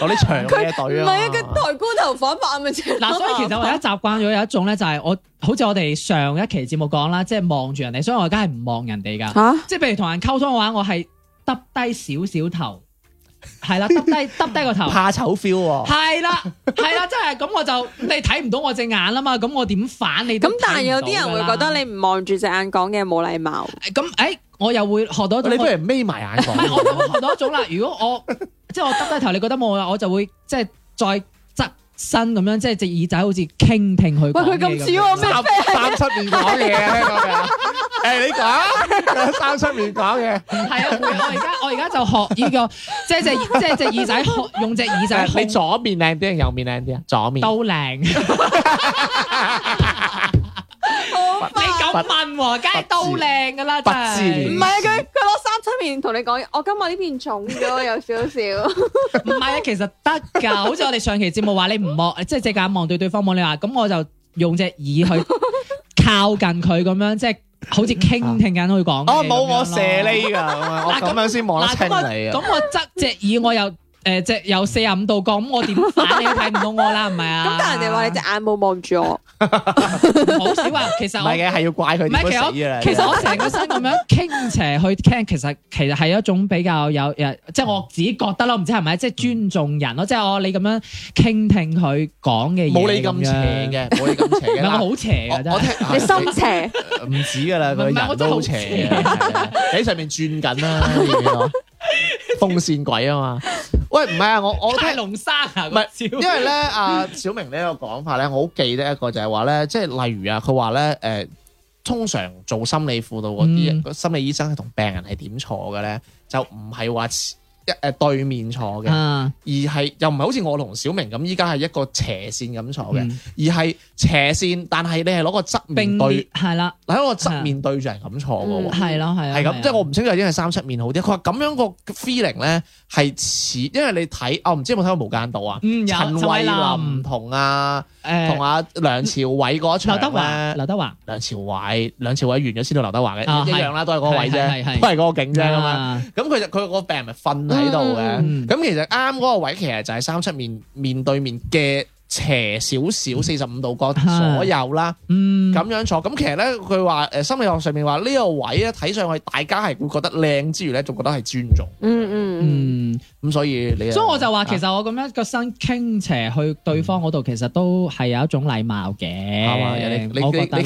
攞啲長嘅對啊，唔係佢
抬高頭反白咪嗱，即係所以其實我而家習慣咗有
一種咧，就係我好似我哋上一期節目講啦，即係望住人哋，所以我而家係唔望人哋噶，即係譬如同人溝通嘅話，我係耷低少少頭。係啦，耷低耷低個頭，怕醜 feel 喎。係啦，係啦，即係咁我就你睇唔到我隻眼吖嘛，咁我點反你？咁但係有啲人會覺得
你唔望住隻眼講嘢冇禮貌。
咁誒、欸，我又會學到，你不如眯埋眼講。唔係我，我就會學到一種啦。 如果我即係我耷低頭，你覺得冇啦，我就會即係再。身咁樣，即係隻耳仔好似傾聽佢喂，佢咁。似我咩？三七面講嘢啊！誒，你講。三七面講嘢。係啊，我而家我而家就學呢個，即係隻即係隻耳仔學
用隻耳仔。你左面靚啲定右面靚啲啊？左面。都靚漂。 煩
萬禾街都靚噶啦，真係字。唔係啊，佢佢攞三七面同你講，我今日呢邊重咗有少
少。唔係啊，其實得㗎，好似我哋上期節目話，你唔望，即係隻眼望對對方望你話，咁我就用隻耳去靠近佢咁樣， 即係好似傾聽緊佢講。啊、哦，冇我射你㗎， 我咁樣
先望得清你啊。
咁我側隻耳我又。 誒，即係有四十五度角，咁我點反你都睇唔到我啦，係咪啊？咁但係
人哋話你隻眼
冇望住我，好
少啊。其實唔係嘅，係要怪佢。其實我成個
身咁樣傾斜去聽，其實其實係一種比較有，即係我自己覺得咯，唔知係咪？即係尊重人咯，即係我你咁樣傾聽佢講嘅嘢。冇你咁斜嘅，冇你咁斜嘅。好斜嘅，真係。你心斜？
唔止噶啦，個人都好斜。喺上面轉緊啦，風扇鬼啊嘛！喂，唔係啊，我我聽龍生啊，唔係，因為咧，阿小明呢個講法咧，我好記得一個就係話咧，即係例如啊，佢話咧，誒，通常做心理輔導嗰啲人個心理醫生係同病人係點坐嘅咧，就唔係話。一誒對面坐嘅，而係又唔係好似我同小明咁，依家係一個斜線咁坐嘅，而係斜線，但係你係攞個側面對，係啦，喺個側面對住係咁坐嘅，係咯係，係咁，即係我唔清楚，應該係三七面好啲。佢話咁樣個 feeling 咧係似，因為你睇，我唔知有冇睇過無間道啊？陳慧琳同啊。誒，同阿梁朝偉嗰場啊，劉德華、劉德華、梁朝偉、梁朝偉完咗先到劉德華嘅，一樣啦，都係嗰位啫，都係嗰個景啫咁啊。咁、嗯、其實佢個病人咪瞓喺度嘅。咁其實啱嗰個位，其實就係三七面面對面嘅斜少少，四十五度角左右啦，咁、啊嗯、樣坐。咁其實咧，佢話誒，心理學上面話呢個位咧，睇上去大家係會覺得靚之餘，而咧仲覺得係尊重。嗯
嗯嗯。嗯
咁所以你，所以我就話其實
我咁樣個身傾斜去對方嗰度，其實都係有一種禮貌嘅。你你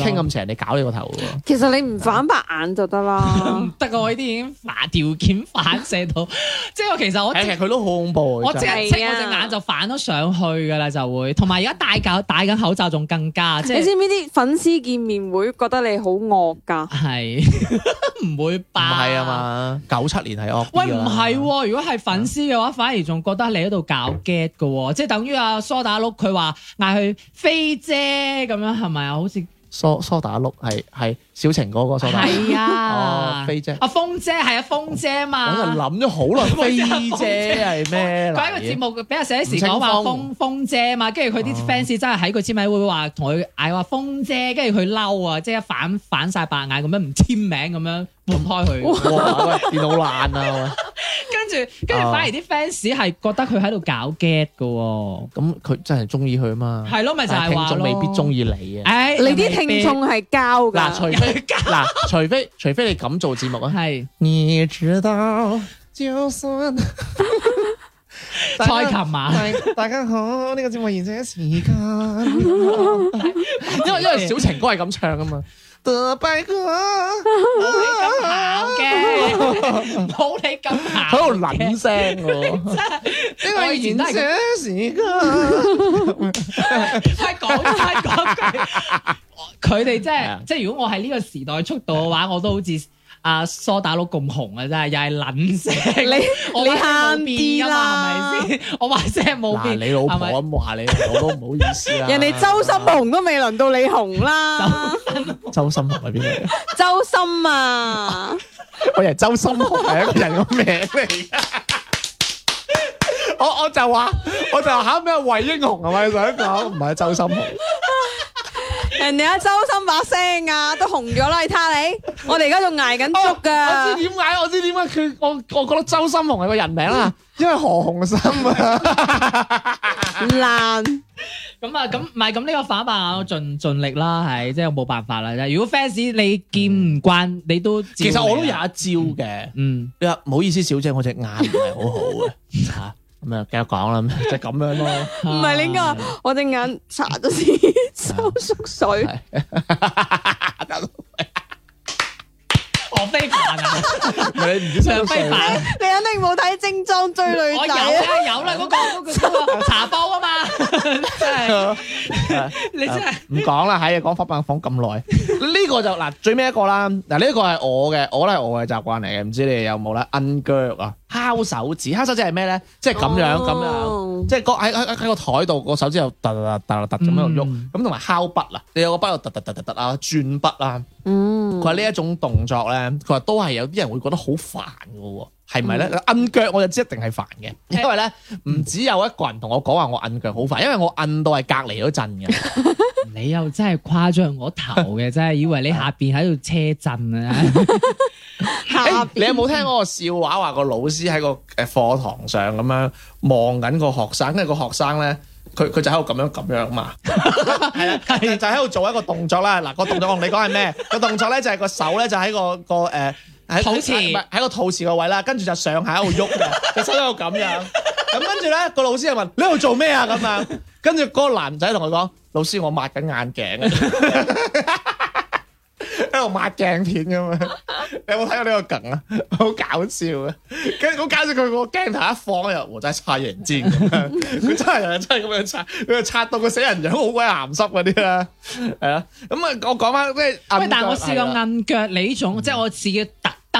傾
咁
斜，你搞你個頭喎。
其實你唔反白眼就得啦。唔得噶，呢啲已經反條
件反射到，即係其實我，其實佢都好
恐怖。我即刻斜我隻眼
就反咗上去噶啦，就會。同埋而家戴戴緊口罩仲更加。你知唔知
啲粉絲見面會覺得你好惡噶？係唔會爆。係啊嘛，九
七年係惡。喂，唔係，
如果係粉絲。嘅話反而仲覺得你喺度搞 get 嘅、嗯、即係等於阿蘇打綠。佢話嗌佢飛姐咁樣係咪啊？好似
蘇蘇打綠係係小晴嗰個蘇打綠係啊，飛姐
阿峰姐係啊，峰姐啊嘛我，我就諗咗好耐， 飛姐係咩姐？佢喺、哦、個節目俾阿寫時講話峰峰、峰姐啊嘛，跟住佢啲 fans 真係喺佢簽名會話同佢嗌話峰姐，跟住佢嬲啊，即係反反晒白眼咁樣唔簽名咁樣。換開佢，哇！電腦爛啦，跟住跟住反而啲 fans 係覺得佢喺度搞 get 噶，
咁佢真係中意佢嘛？係咯，咪就係聽眾未必中意你啊！你啲聽眾
係交噶，嗱除
非嗱除非除非你咁做節目啊，係。你知道，就算蔡琴晚。大家好，呢個節目完結時間，因為因為小情歌係咁唱啊嘛。得拜哥，冇你咁姣嘅，冇你咁姣，喺度冧聲我，
真
係，呢個年代事啊！係講下講下，佢哋即係即係，如果我喺呢個時代速度嘅話，我都好似。啊！蘇打佬咁紅啊，真係又係
撚死，你
你慳啲啦，係咪先？我話聲冇
變。嗱，你老婆咁話你，我都唔好意思啦。人哋周
深紅都未輪到你紅啦。
周深紅係邊個？
周深啊！
我以為周深紅係一個人個名嚟。
我我就話，我就話考
咩？魏英雄係咪想講？唔係周深紅。
人哋阿周深把聲啊都紅咗啦，你睇下你，我哋而家仲挨緊足噶。我知點解，我知點解佢，
我我覺得周深紅係個人名啦，嗯、因為何鴻燊啊
爛咁啊咁唔係咁呢個反白我盡盡力啦，係即係冇辦法啦。如果 fans 你見唔慣，嗯、你都其實我都有一招嘅、
嗯，嗯，唔、嗯、 好意思，小姐，我隻眼唔係好好嘅吓。 咁啊繼續講啦咩？即係咁樣咯。唔
係你個，我隻眼搽咗啲收縮水。我非凡
啊，你唔知我
非凡？
你肯定冇睇《正裝追女仔》啊？有啦，有啦，嗰個嗰個。
你真係唔講啦，喺講花板房咁耐呢個就嗱，最尾一個啦。嗱，呢個係我嘅，我咧係我嘅習慣嚟嘅，唔知你哋有冇啦？摁腳啊，敲手指，敲手指係咩咧？即係咁樣咁樣，即係個喺喺喺個台度個手指又突突突突突咁喺度喐，咁同埋敲筆啊，你有個筆又突突突突突啊，轉筆啦，嗯，佢話呢一種動作咧，佢話都係有啲人會覺得好煩噶喎。係咪咧？摁腳我就知一定係煩嘅，因為咧唔只有一個人同我講話我摁腳好煩，因為我摁到係隔籬嗰陣嘅。 你又真係誇張我頭
嘅真係，以為你下邊喺度車震啊！吓，
你有冇聽嗰個笑話，話個老師喺個誒課堂上咁樣望緊個學生，因為個學生咧，佢佢就喺度咁樣咁樣嘛，係啦，就喺度做一個動作啦。嗱、個動作我同你講，係咩？個動作咧就係個手咧就喺、個、個誒。那個喺肚臍，喺個肚臍個位啦，跟住就上下喺度喐嘅，佢 身度咁樣，咁跟住咧個老師就問：你喺度做咩啊？咁樣，跟住個男仔同佢講：老師，我抹緊眼鏡、啊，喺度抹鏡片咁、啊、樣。你有冇睇過呢個梗 啊？好搞笑啊，跟住好搞笑佢個鏡頭一放入，我真係擦眼鏡咁樣，佢真係真係咁樣擦，佢擦到個死人樣，好鬼鹹濕嗰啲啦，係 啊。咁、嗯、啊，我講翻喂，但係我試過
暗腳呢種，即係我自己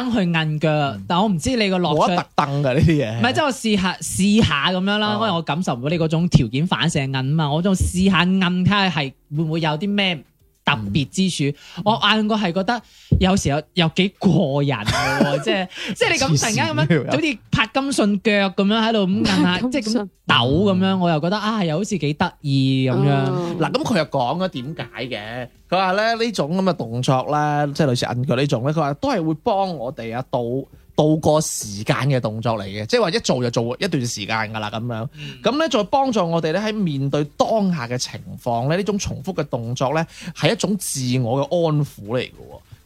蹬去韌腳，但我唔知你個落。冇得特
蹬噶呢啲嘢，唔係，即係我
試下試下咁樣啦， 因為我感受唔到你嗰種條件反射韌啊嘛，我想試下韌下係會唔會有啲咩？特別之處，嗯、我硬個係覺得有時候又幾過癮喎， 即係即係你咁突然間咁樣，好似拍金信腳咁樣喺度咁撳下，問問嗯、即係咁
抖咁樣，我又覺得啊，又好似幾得意咁樣。嗱、嗯，咁佢 又講咗點解嘅？佢話咧呢這種咁嘅動作咧，即係類似按腳呢種咧，佢話都係會幫我哋啊到。度過時間嘅動作嚟嘅，即係話一做就做一段時間噶啦，咁樣。咁咧、嗯，再幫助我哋咧喺面對當下嘅情況咧，呢種重複嘅動作咧，係一種自我嘅安撫嚟嘅。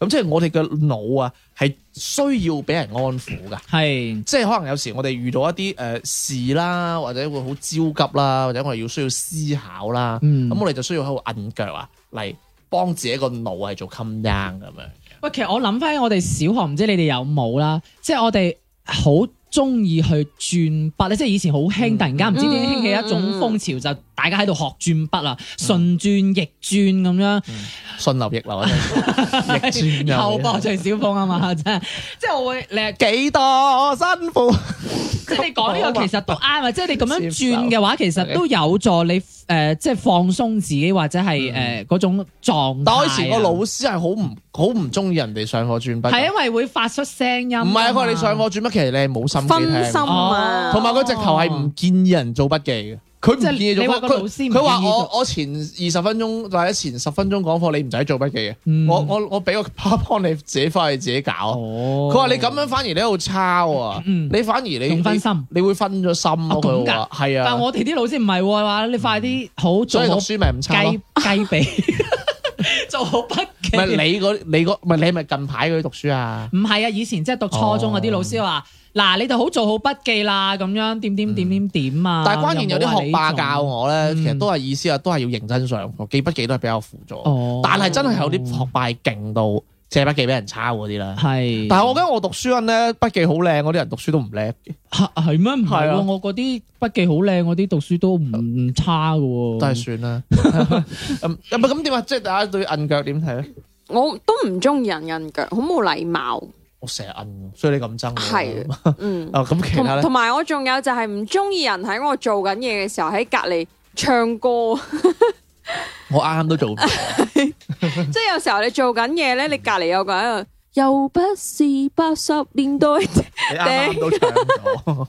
咁即係我哋嘅腦啊，係需要俾人安撫噶。係是，即係可能有時我哋遇到一啲誒、呃、事啦，或者會好焦急啦，或者我哋要需要思考啦，咁、嗯、我哋就需要喺度按腳啊，嚟幫自己個腦係做 come down 咁樣。
喂，其實我諗翻起我哋小學，唔知你哋有冇啦，即係我哋好中意去轉筆咧，即係以前好興，突然間唔知點興起一種風潮，就大家喺度學轉筆啦，順轉逆轉咁樣，順流逆流啊，逆轉又，後播徐小鳳啊嘛，真係，即係我會，誒幾多辛苦，即係你講呢個其實都啱啊，即係你咁樣轉嘅話，其實都有助你誒，即係放鬆自己或者係誒嗰種狀態啊。但係以前個老
師係好唔。好唔中意人哋上課轉筆，係
因為會發出聲音。唔係啊，佢話你上課
轉筆，其實你係冇心機聽啊。分心啊，同埋佢直頭係唔建議人做筆記嘅，佢唔建議做。佢話我我前二十分鐘或者前十分鐘講課，你唔使做筆記啊。我我我俾個 PowerPoint 你，自己翻去自己搞。佢話你咁樣反而你喺度抄啊，你反而你分心，你會分咗心咯。佢話係啊。但係我哋啲老師唔係話你快啲好，所以讀書咪唔抄咯，計計備
做好筆。唔係你
你唔係你咪近排嗰啲讀書啊？唔
係 啊，以前即係讀初中嗰啲、哦、老師話：嗱，你就好做好筆記啦，咁樣點點點點點啊！但係關鍵有啲學霸
教我咧，嗯、其實都係意思啊，都係要認真上課，記筆記都係比較輔助。哦、但係真係有啲學霸係勁到。借筆記俾人抄嗰啲啦，係是，但係我覺得我讀書嗰陣咧筆記好靚，嗰啲人讀書都唔叻嘅。係咩？唔係啊，我嗰啲筆記好靚，我啲讀書都唔差噶，都係算啦。咁點啊？即係大家對摁腳點睇啊？
我都唔中意人摁腳，好冇禮貌。我成日摁，
所以你咁憎我，係，嗯咁、 哦、其他咧？同埋
我仲有就係唔中意人喺我做緊嘢嘅時候喺隔籬唱歌。
我啱啱都做，即
係有時候你做緊嘢咧，你隔籬有個人又不是八十年代，你
都唱唔到，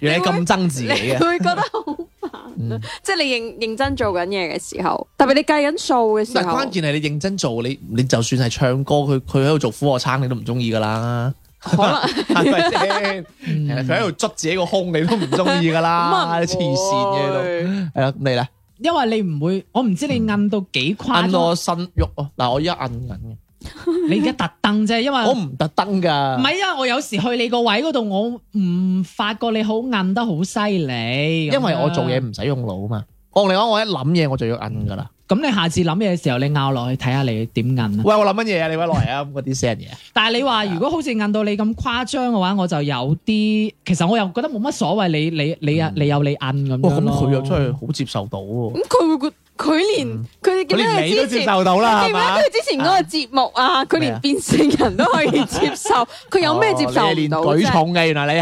原來咁憎自己嘅，佢會覺得好
煩啊！即係你認認真做緊嘢嘅時候，特別你計緊數嘅時候，關
鍵係你認真做，你你就算係唱歌，佢佢喺度做俯臥撐，你都唔中意噶啦，
係咪先？
佢喺度捽自己個胸，你都唔中意噶啦，黐線嘅都，係啦，你咧。因為你唔會，我唔知你按到幾誇張。按到我身喐。啊！嗱，我而家按
緊嘅，你而家特登啫，因為我唔特登噶。唔係啊，因為我有時去你個位嗰度，我唔發覺你好按得好犀利。因為我做嘢唔使用腦啊嘛。我嚟講，我一諗嘢我就要按噶啦。咁你下次諗嘢嘅時候，你拗落去睇下你點摁啦。喂，我諗乜嘢啊？你揾落嚟啊！咁嗰啲私人嘢。 但係你話 如果好似摁到你咁誇張嘅話，我就有啲，其實我又覺得冇乜所謂。你你你啊，你有你摁咁樣咁佢
又真係好接受到。咁
佢、嗯、會佢連佢哋點樣你都接受到喇，佢之前，點解佢之前嗰個節目啊？佢連變性人都可以接受，佢有咩接受到啫？佢重
嘅，原來你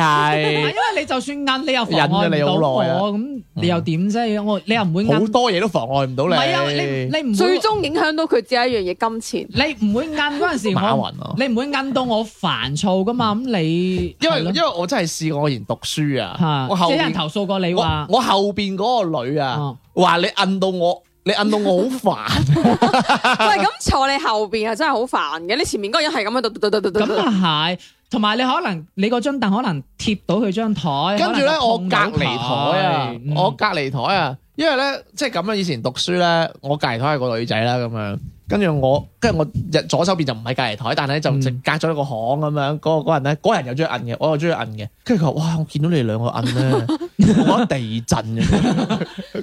係因
為你就算揞，你又妨礙到我咁，
你又點啫？我你又唔會好多嘢都妨礙唔到你。係啊，你你唔最
終影響到佢只係一樣嘢，金錢。
你唔會揞到我煩躁噶嘛？咁你因為
因為我真係試過我讀書啊。我後邊投訴過你話，我後邊嗰個女啊，話你揞到我。你摁到我好煩 ，
喂咁坐你後邊係真係好煩嘅，你前面嗰人係咁樣嘟嘟嘟嘟嘟。咁啊係，同埋你可能你嗰張凳
可能貼到佢張台，跟住咧我隔籬台啊，
我隔籬台啊，因為咧即係咁樣以前讀書咧，我隔籬台係個女仔啦，咁樣。跟住我，跟住我日左手邊就唔係隔籬台，但係咧就隔咗一個巷咁樣。嗰個人咧，嗰人又中意摁嘅，我又中意摁嘅。跟住佢話：哇！我見到你哋兩個摁咧， 我地震
嘅。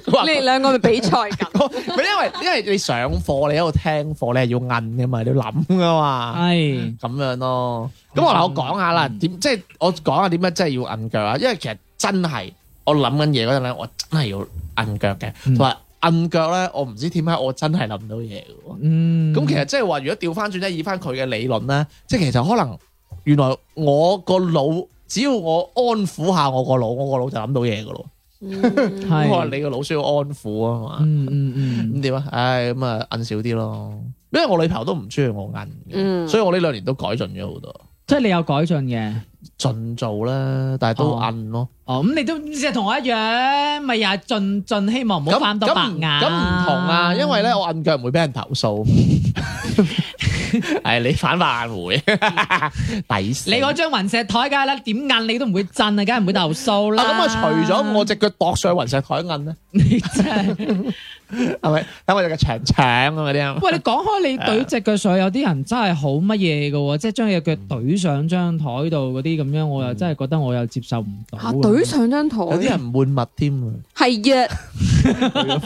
說你哋兩個咪比賽緊？
唔係因為因為你上課，你喺度聽課，你係要摁嘅嘛，你要諗噶嘛，係咁是、嗯嗯、樣咯。咁我嚟、嗯就是、我講下啦，點即係我講下點解真係要摁腳啊？因為其實真係我諗緊嘢嗰陣咧，我真係要摁腳嘅。同埋。摁腳咧，我唔知點解，我真係諗唔到嘢嘅。
咁、嗯、其
實即係話，如果調翻轉咧，以翻佢嘅理論咧，即係其實可能原來我個腦，只要我安撫下我個腦，我個腦就諗到嘢嘅咯。可能、嗯、 你個腦需要安撫啊嘛。咁點啊？唉，咁啊摁少啲咯。因為我女朋友都唔中意我摁，嗯、所以我呢兩年都改進咗好多。嗯、即係你有改進嘅。盡做啦，但係都摁咯。哦，咁你都
只係同我一樣，咪又係盡盡希望唔好反到白眼。咁唔同啊，因為咧
我摁腳唔會俾人投訴。係、 哎、你反白眼會抵死。你嗰
張雲石台架咧，點摁你都唔會震會啊，梗係唔會投訴啦。咁啊，除咗
我隻腳度上雲石台摁咧。 你真係係咪等我有個長長咁嗰啲。喂，你
講開，你懟隻腳上，有啲人真係好乜嘢噶，即係將你嘅腳懟上張台度嗰啲咁樣，我又真係
覺得我又接受唔到。懟上
張台，有啲人
唔換物添啊。係啊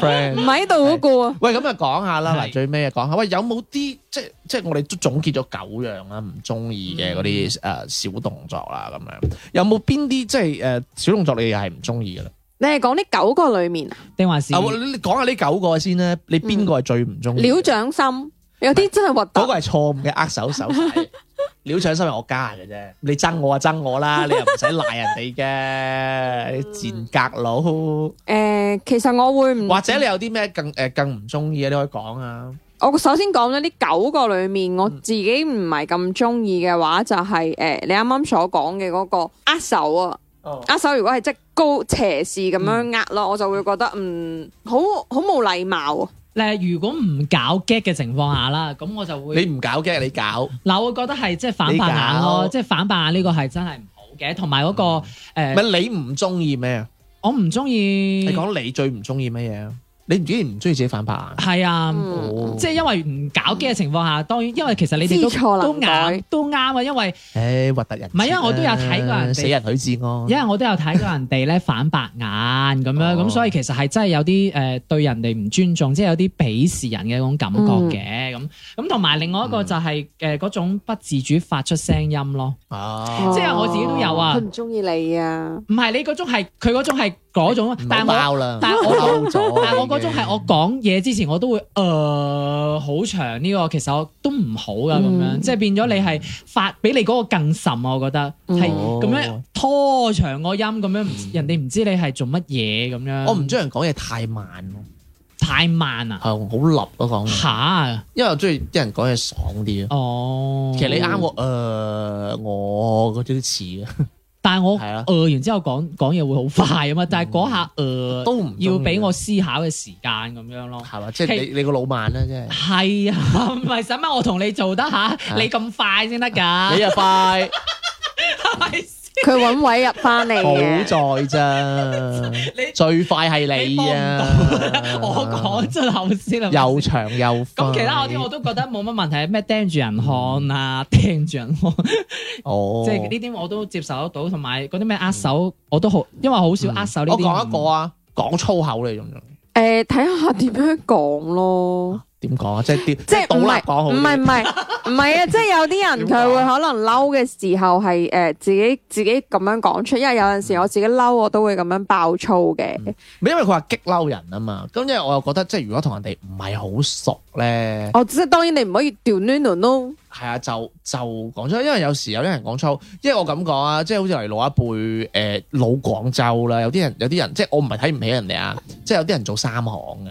，friend，
唔喺度嗰個。喂，
咁啊講下啦，嗱是最尾啊講下，喂有冇啲即係即係我哋都總結咗九樣啦，唔中意嘅嗰啲誒小動作啦咁樣，有冇邊啲即係誒小動作你又係唔中意嘅咧？
你係講呢九個裏面啊？定還
是？講下呢九個先啦，你邊個係最唔中意？
鳥掌心有啲真係核突。嗰
個係錯誤嘅握手手勢。鳥掌心係我加嘅啫，你憎我啊憎我啦，你又唔使賴人哋嘅賤格佬。
誒，其實我
會唔或者你有啲咩更誒更唔中意啊？你可以講啊。
我首先講咗，呢九個裏面我自己唔係咁中意嘅話，就係誒你啱啱所講嘅嗰個握手啊。阿嫂如果係即高斜視咁樣呃咯，我就會覺得嗯好好冇禮貌。
咧如果唔搞激嘅情況下啦，咁 我就會你唔
搞激，你搞
嗱、啊，我覺得係即反白眼咯，搞即反白眼呢個係真係唔好嘅，同
埋嗰個誒。咪、嗯欸、你唔中意咩啊？我唔中意。你講你最唔中意乜嘢？你唔自然唔中意自己反白眼？係
啊，即係
因為唔搞機嘅情況下，當
然因為其實你哋都都啱都啱啊，因為誒核突人唔係，因為我都有睇過人死人許志安，因為我都有睇過人哋咧反白眼咁樣，咁所以其實係真係有啲誒對人哋唔尊重，即係有啲鄙視人嘅一種感覺嘅咁。咁同埋另外一個就係誒嗰種不自主發出聲音咯，即係我自己都有啊。佢唔中意你啊？唔係，你嗰種係佢嗰種係。嗰種，但係，但係我漏咗，但係我嗰種係我講嘢之前我都會，誒，好長呢個，其實我都唔好噶咁樣，即係變咗你係發比你嗰個更滲，我覺得係咁樣拖長個音咁樣，人哋唔知你係做乜嘢咁樣。我唔中意人講嘢太慢咯，
太慢啊，係好立咯講嚇，因為我中意啲人講嘢爽啲啊。哦，其實你啱我，誒，我嗰啲似啊。
但係我誒、呃、完之後講講嘢會好快啊嘛，嗯、但係嗰下誒都唔要俾我思考嘅時間咁樣咯，係嘛？即係你其你個老慢啦，即係係啊，唔係使乜？ 我同你做得下？啊、你咁快先得㗎，你又快。
佢揾 位入翻嚟，好在咋？ 你最快係你啊！你啊 我講真，頭先啦，又長又快。咁 其他嗰啲我都覺得冇乜問題，咩
盯住人看啊，盯住人看
哦，即係呢
啲我都接受得到，同
埋嗰啲咩握手、嗯、我都好，因為好少握手呢啲、嗯。我講一個啊，講粗口你仲？誒、
呃，睇下點樣講咯。點講啊？ 即係啲即係唔係唔係唔係唔係啊！即係有啲人佢會可能嬲嘅時候係誒自己自己咁樣講出，因為有陣時我自己嬲我都會咁樣爆粗嘅。
因為佢話激嬲人啊嘛，咁因為我又覺得即係如果同人哋唔係好熟咧，哦，即
係當然你唔可以調攣攣咯。
係啊，就就講出，因為有時有啲、嗯、人講粗，因為我咁講、哦、啊，即係好似嚟老一輩誒、呃、老廣州啦，有啲人有啲人，有人即係我唔係睇唔起人哋啊，即係有啲人做三行嘅。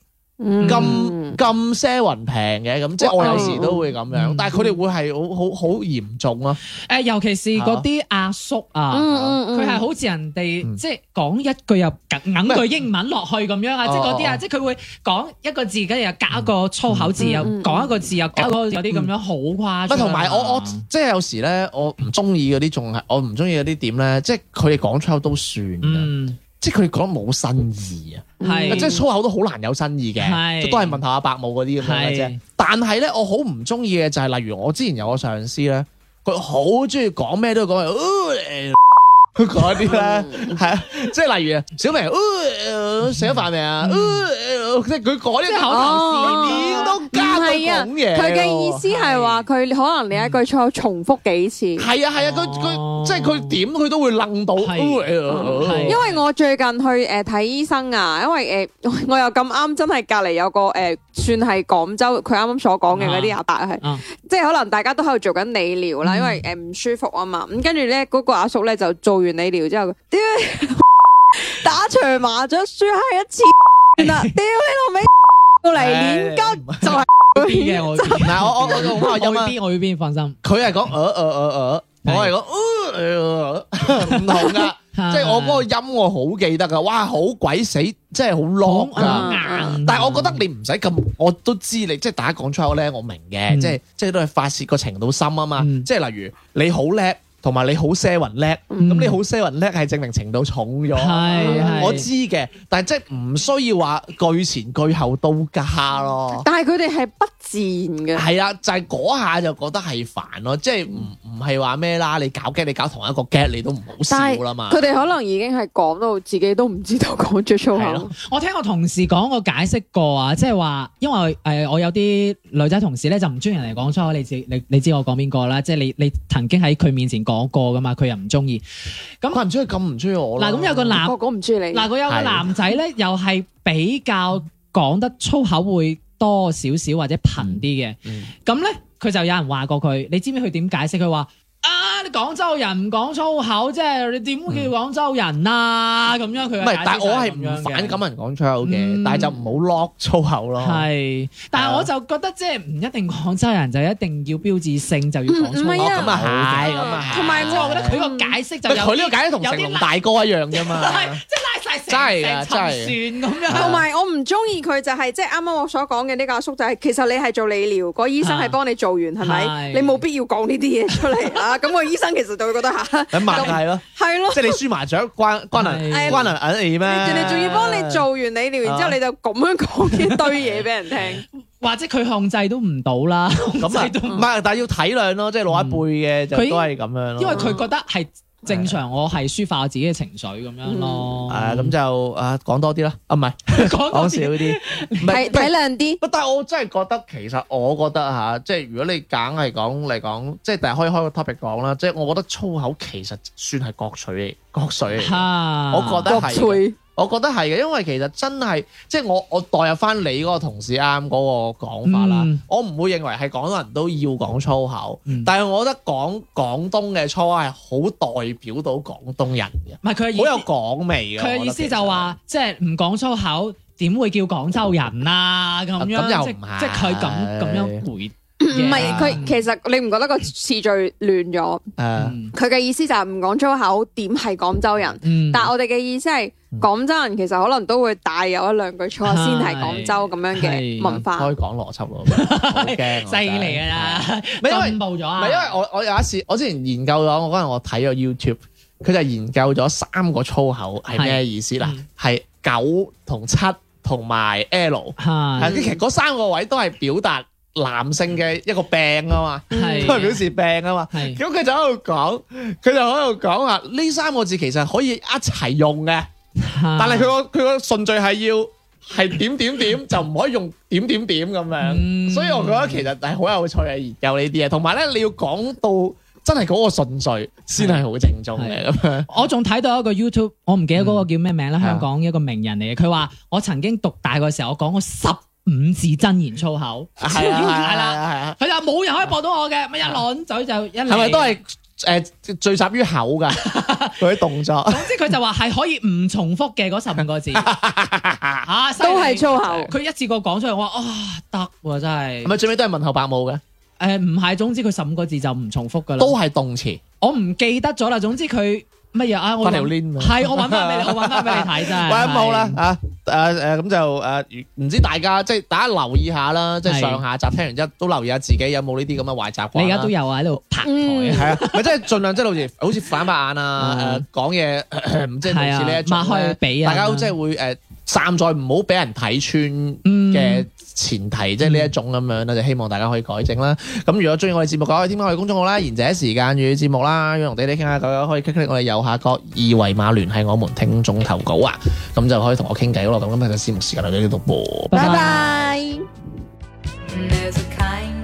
咁咁些雲平嘅咁，即係我有時都會咁樣，但係佢哋會係好好好嚴重咯。誒，尤其是嗰啲阿叔啊，
佢係好似人哋即係
講一句
又揞句英文落去咁樣啊，即係嗰啲啊，即係佢會講一個字，跟住又夾一個粗口字，又講一個字又夾嗰啲咁樣，好誇張。同埋我我
即係有時咧，我唔中意嗰啲仲係我唔中意嗰啲點咧，即係佢哋講粗口都算，即係佢哋講得冇新意啊。係，嗯、是即係粗口都好難有新意嘅，是都係問下阿伯母啲咁樣嘅啫。是但係咧，我好唔中意嘅就係，例如我之前有個上司咧，佢好中意講咩都講，佢講一啲咧，係、欸、啊， 哦、 即係例如啊，
小明食咗飯未啊，即係佢講啲口頭禪都、哦。哦。係啊，佢嘅意思係話佢可能你一句錯重複幾次。係
啊係啊，佢佢、啊哦、即係佢點佢都會愣到。啊啊、因為
我最近去誒睇、呃、醫生啊，因為誒、呃、我又咁啱真係隔籬有個誒、呃、算係廣州佢啱啱所講嘅嗰啲阿伯係，啊啊、即係可能大家都喺度做緊理療啦，因為誒唔、呃、舒服啊嘛。咁跟住咧嗰個阿叔咧就做完理療之後，屌打場麻雀輸閪一次，嗱，屌你老味！
到嚟練歌， 就係嘅我，嗱我我我嗰我 B 我放心。
佢係講呃呃呃呃， 我係講呃呃呃，唔 同噶的。即係 我嗰個音我好記得噶，哇好鬼死，即係好 long 噶。嗯、但係我覺得你唔使咁，我都知你即係、就是、大家講出口咧，我明嘅，即係即係都係發洩個程度深啊嘛。即係、嗯、例如你好叻。同埋你好 seven 叻，咁你好 seven 叻係證明程度重咗。係是我知嘅，的但係即係唔需要話句前句後都加咯。但係佢哋係不自然嘅。係啊，就係嗰下就覺得係煩咯，即係唔唔係話咩啦？你搞 get 你搞同一個 get 你都唔好笑啦嘛。佢哋可
能已經係講到自己都唔知道講咗出咯，
我聽我同事講、就是、我
解釋過啊，即係話因為誒我有啲女仔同事咧就唔中意人嚟講粗口，你自你你知我講邊個啦？即係你你曾經喺佢面前講過㗎嘛，佢又唔中意，咁佢唔中意咁唔中意我。嗱，咁有個男，我唔中意你。嗱，佢有個男仔咧， 又係比較講得粗口會多少少或者頻啲嘅。咁咧、嗯，佢、嗯、就有人話過佢，你知唔知佢點解釋？佢話。啊！你廣州人唔講粗口，即係你點會叫廣州人啊？咁樣佢唔係，但係我係唔反感
人講粗口嘅，但係就唔好落粗口咯。係，
但係我就覺得即係唔一定廣州人就一定要標誌性就要講粗口咁啊，好啊！同埋我覺
得佢個解釋就有啲難。佢呢個解釋同成龍大哥一樣啫嘛，即係拉晒真係真係算咁樣。同埋我唔中意佢就係即係啱啱我所講嘅呢個阿叔就係其實你係做理療，個醫生係幫你做完係咪？你冇必要講呢啲嘢出嚟。咁個 醫生其
實就會覺得吓，咁麻就係咯，係咯 的，即係你輸麻雀關關能關能誒咩？仲要仲要幫你
做完理療，然之後你就咁樣講一堆嘢俾人聽， 的 或
者佢控制都唔到啦，咁 控制都唔係，嗯、但係要體諒咯，嗯、即係老一輩嘅他就都係咁樣咯，因為佢覺
得係。嗯正常我係抒發自己嘅情緒咁
樣咯，係咁就啊講多啲啦，啊唔係講少啲，唔係體體諒啲。但係我真係覺得，其實我覺得吓、啊，即係如果你揀係講嚟講，即係第日可以開個 topic 講啦。即係我覺得粗口其實算係國粹嘅，國粹。啊、我覺得係我覺得係嘅，因為其實真係即係我我代入翻你嗰個同事啱嗰個講法啦，嗯、我唔會認為係廣東人都要講粗口，嗯、但係我覺得講廣東嘅粗口係好代表到廣東人嘅，唔係佢係好有廣味嘅。佢嘅意思，意思就
話即係唔講粗口點會叫廣州人啊？咁、嗯、樣、啊、樣即即係佢咁咁樣回。唔係佢，
其實你唔覺得個次序亂咗？誒，佢嘅意思就係唔講粗口，點係廣州人？但係我哋嘅意思係，廣州人其實可能都會帶有一兩句粗口先係廣州咁樣嘅文化。可以講邏輯咯，
嘅，犀利啊！咪因為進咗啊？唔係因為我我有一次，我之前研究咗，我嗰陣我睇咗 YouTube，佢就研究咗三個粗口係咩意思啦？係九同七同埋 L，係，其實嗰三個位都係表達。男性嘅一個病啊嘛，都係表示病啊嘛。咁佢的就喺度講，佢就喺度講啊，呢三個字其實可以一齊用嘅，的但係佢個佢個順序係要係點點點， 就唔可以用點點點咁樣。嗯、所以我覺得其實係好有趣嘅研究呢啲嘢，同埋咧你要講到真係嗰個順序先係好正宗嘅咁樣。
我仲睇到一個 YouTube，我唔記得嗰個叫咩名啦，嗯、香港一個名人嚟嘅，佢話的我曾經讀大個時候，我講過十。五字真言粗口，
係啦、 啊，係啦、 嗯，
係啦，係啦，冇人可以駁到我嘅，咪 一輪嘴就一嚟，係咪都
係誒聚集於口嘅佢啲動作？ 總
之佢就話係可以唔重複嘅嗰 十五個字，吓、 啊、都係粗口，佢一次過講出嚟，我話、哦、啊，得真係，係咪最尾都係問候伯母嘅？誒唔係，總之佢十五個字就唔重複噶啦，都係動詞，我唔記得咗啦，總之佢。乜嘢啊？我條鏈係，我搵翻俾你，我搵翻
俾你睇。喂，咁好啦，啊，誒誒，咁就誒，唔知大家即係大家留意下啦，即係上下集聽完之後都留意下自己有冇呢啲咁嘅壞習慣。你而家都有啊，喺度拍台係啊，咪即係盡量即係好似好似反白眼啊，講嘢即係類似呢一種。抹開俾啊，大家即係會誒。呃散在唔好俾人睇穿嘅前提，嗯、即係呢一種咁樣啦，嗯、就希望大家可以改正啦。咁如果中意我哋節目，可以添加我哋公眾號啦，言者時間與節目啦，要同你哋傾下偈，可以 click 我哋右下角二維碼聯繫我們聽眾投稿啊。咁就可以同我傾偈咯。咁今日嘅節目時間嚟到呢度噃，
拜拜 bye。Bye
bye